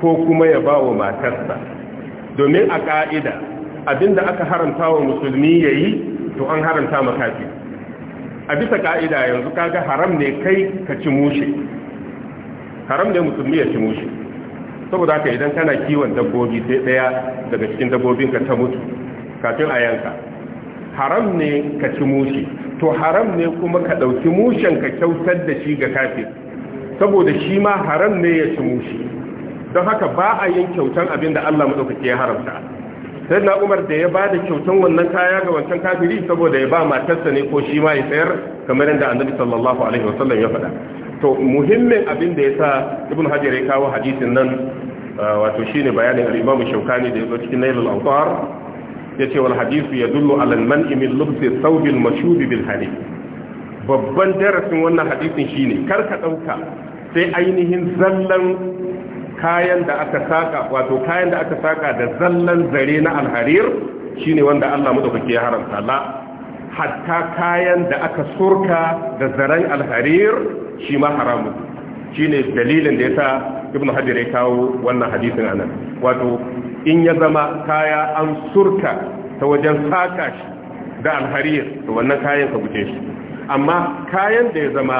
ko kuma ya ba wa matarsa domin a ka'ida abinda aka haramta wa musulmi yayi to an haramta ma a bisa ka'ida yanzu kaga haram ne kai ka ci mushe haram ne musulmi ya ci mushe saboda haka idan kana kiwon dabbobi sai ɗaya daga cikin dabbobinka ta mutu kafin a yanka haram ne ka ci mushe to haram ne kuma ka ɗauki mushen ka kyautar da shi ga kafin saboda shi ma haram ne ya ci mushi don haka ba a yin kyautan abin da Allah maɗaukaki ya haramta sai na umar da ya ba da kyautar wannan kaya ga wancan kafiri saboda ya ba matarsa ne ko shi ma ya sayar kamar yadda annabi sallallahu alaihi wasallam ya faɗa to muhimmin abin da ya sa ibn hajar ya kawo hadisin nan uh, wato shine bayanin al-imam shaukani da ya zo cikin nailul awtar yace wal hadisu yadullu ala al man imin lubsi thawb al bil hari. babban darasin wannan hadisin shine kar ka ɗauka sai ainihin zallan kayan da aka saka wato kayan da aka saka da zallan zare na alharir shine wanda Allah madaukake ya haramta la hatta kayan da aka surka da zaren alharir shi ma haramun shine dalilin da yasa ibn hajar ya kawo wannan hadisin anan wato in ya zama kaya an surka ta wajen saka shi da alhariyar to wannan kayan ka guje shi amma kayan da ya zama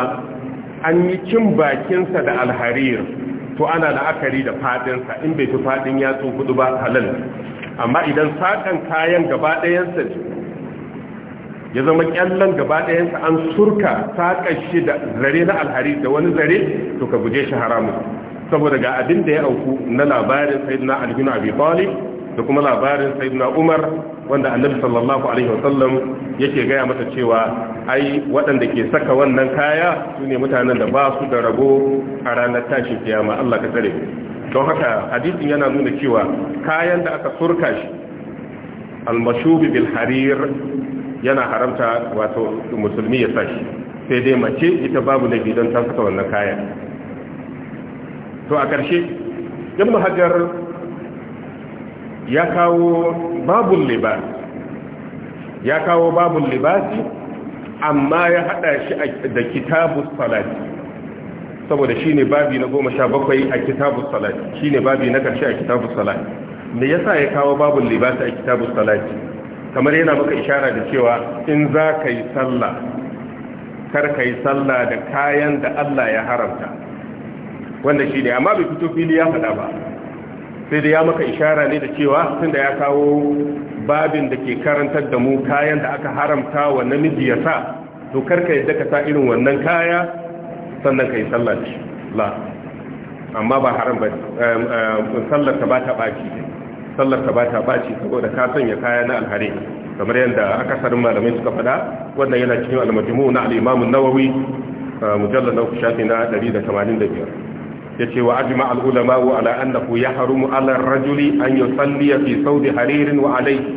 an yi cin bakinsa da alhariyar to ana la'akari da fadinsa in bai fi fadin yatsu hudu ba halal amma idan sakan kayan gaba sa ya zama kyallon gaba ɗayansa an surka saƙa shi da zare na alhari da wani zare to ka guje shi haramun saboda ga abin da ya auku na labarin sayyidina alhinu abi talib da kuma labarin sayyidina umar wanda annabi sallallahu alaihi wasallam yake gaya mata cewa ai waɗanda ke saka wannan kaya su ne mutanen da ba su da rabo a ranar tashin kiyama Allah ka tsare don haka hadisin yana nuna cewa kayan da aka surka shi mashubi bil harir yana haramta wato musulmi ya sashi sai dai mace ita babu na don ta saka wannan kayan to a ƙarshe ibn mahajar ya kawo babul libas ya kawo babul libasi amma ya hada shi da kitabus salati saboda shi ne babi na goma sha bakwai a kitabus salati ne babi na ƙarshe a kitabus salati me yasa ya kawo babul libasi a kitabus salati kamar yana maka ishara da cewa in za ka yi sallah kar ka yi sallah da kayan da Allah ya haramta wanda shi ne amma bai fito fili ya faɗa ba sai da ya maka ishara ne da cewa da ya kawo babin da ke karantar da mu kayan da aka haramta wa namiji ya sa to kar ka yadda ka sa irin wannan kaya sannan ka yi sallah da shi la amma ba haram ba ta ba ta baki sallar ta ba ta baci saboda ka sanya kaya na alhari kamar yadda aka sanin malamai suka faɗa wannan yana cikin almajmu na al-imam an-nawawi mujallad na shafi na 185 yace wa ajma al-ulama wa ala annahu yahrumu ala ar-rajuli an yusalli fi sawdi haririn wa alayhi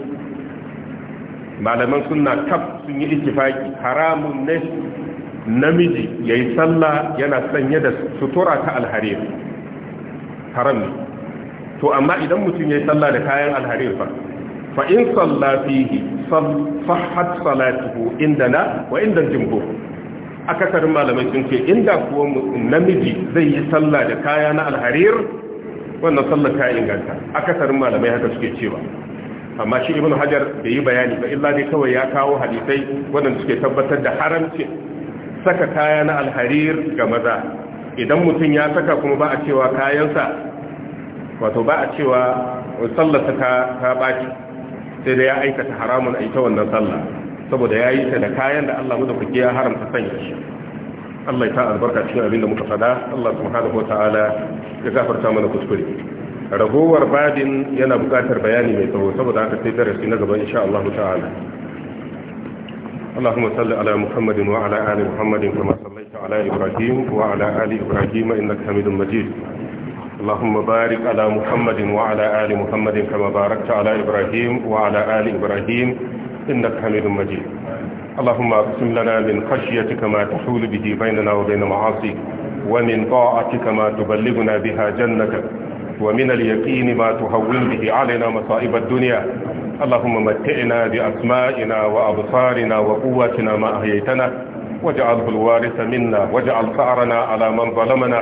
malaman sunna kaf sun yi ittifaki haramun ne namiji yayi sallah yana sanye da sutura ta alharir haram ne to amma idan mutum ya yi sallah da kayan alharir fa fa in salla fihi salatuhu wa inda akasarin malamai sun ce inda kuwa namiji zai yi sallah da kaya na alharir wannan sallar ta inganta akasarin malamai haka suke cewa amma shi ibn hajar bai yi bayani ba illa dai kawai ya kawo hadisai waɗanda suke tabbatar da haramci saka kaya na alharir ga maza idan mutum ya saka kuma ba a cewa kayansa wato ba a cewa sallarsa ta baki sai da ya aikata haramun a aita wannan sallah saboda ya yi ta da kayan da Allah mu da kuke ya haramta sanya shi Allah ya ta albarka cikin abin da muka faɗa Allah subhanahu wataala ya gafarta mana kuskure ragowar badin yana buƙatar bayani mai tsawo saboda haka sai darasi na gaba insha Allah ta'ala اللهم صل على محمد وعلى آل محمد كما صليت على إبراهيم وعلى آل إبراهيم إنك حميد مجيد اللهم بارك على محمد وعلى آل محمد كما باركت على إبراهيم وعلى آل إبراهيم إنك حميد مجيد اللهم اقسم لنا من خشيتك ما تحول به بيننا وبين معاصيك ومن طاعتك ما تبلغنا بها جنتك ومن اليقين ما تهون به علينا مصائب الدنيا اللهم متعنا بأسمائنا وأبصارنا وقواتنا ما أهيتنا واجعله الوارث منا واجعل ثأرنا على من ظلمنا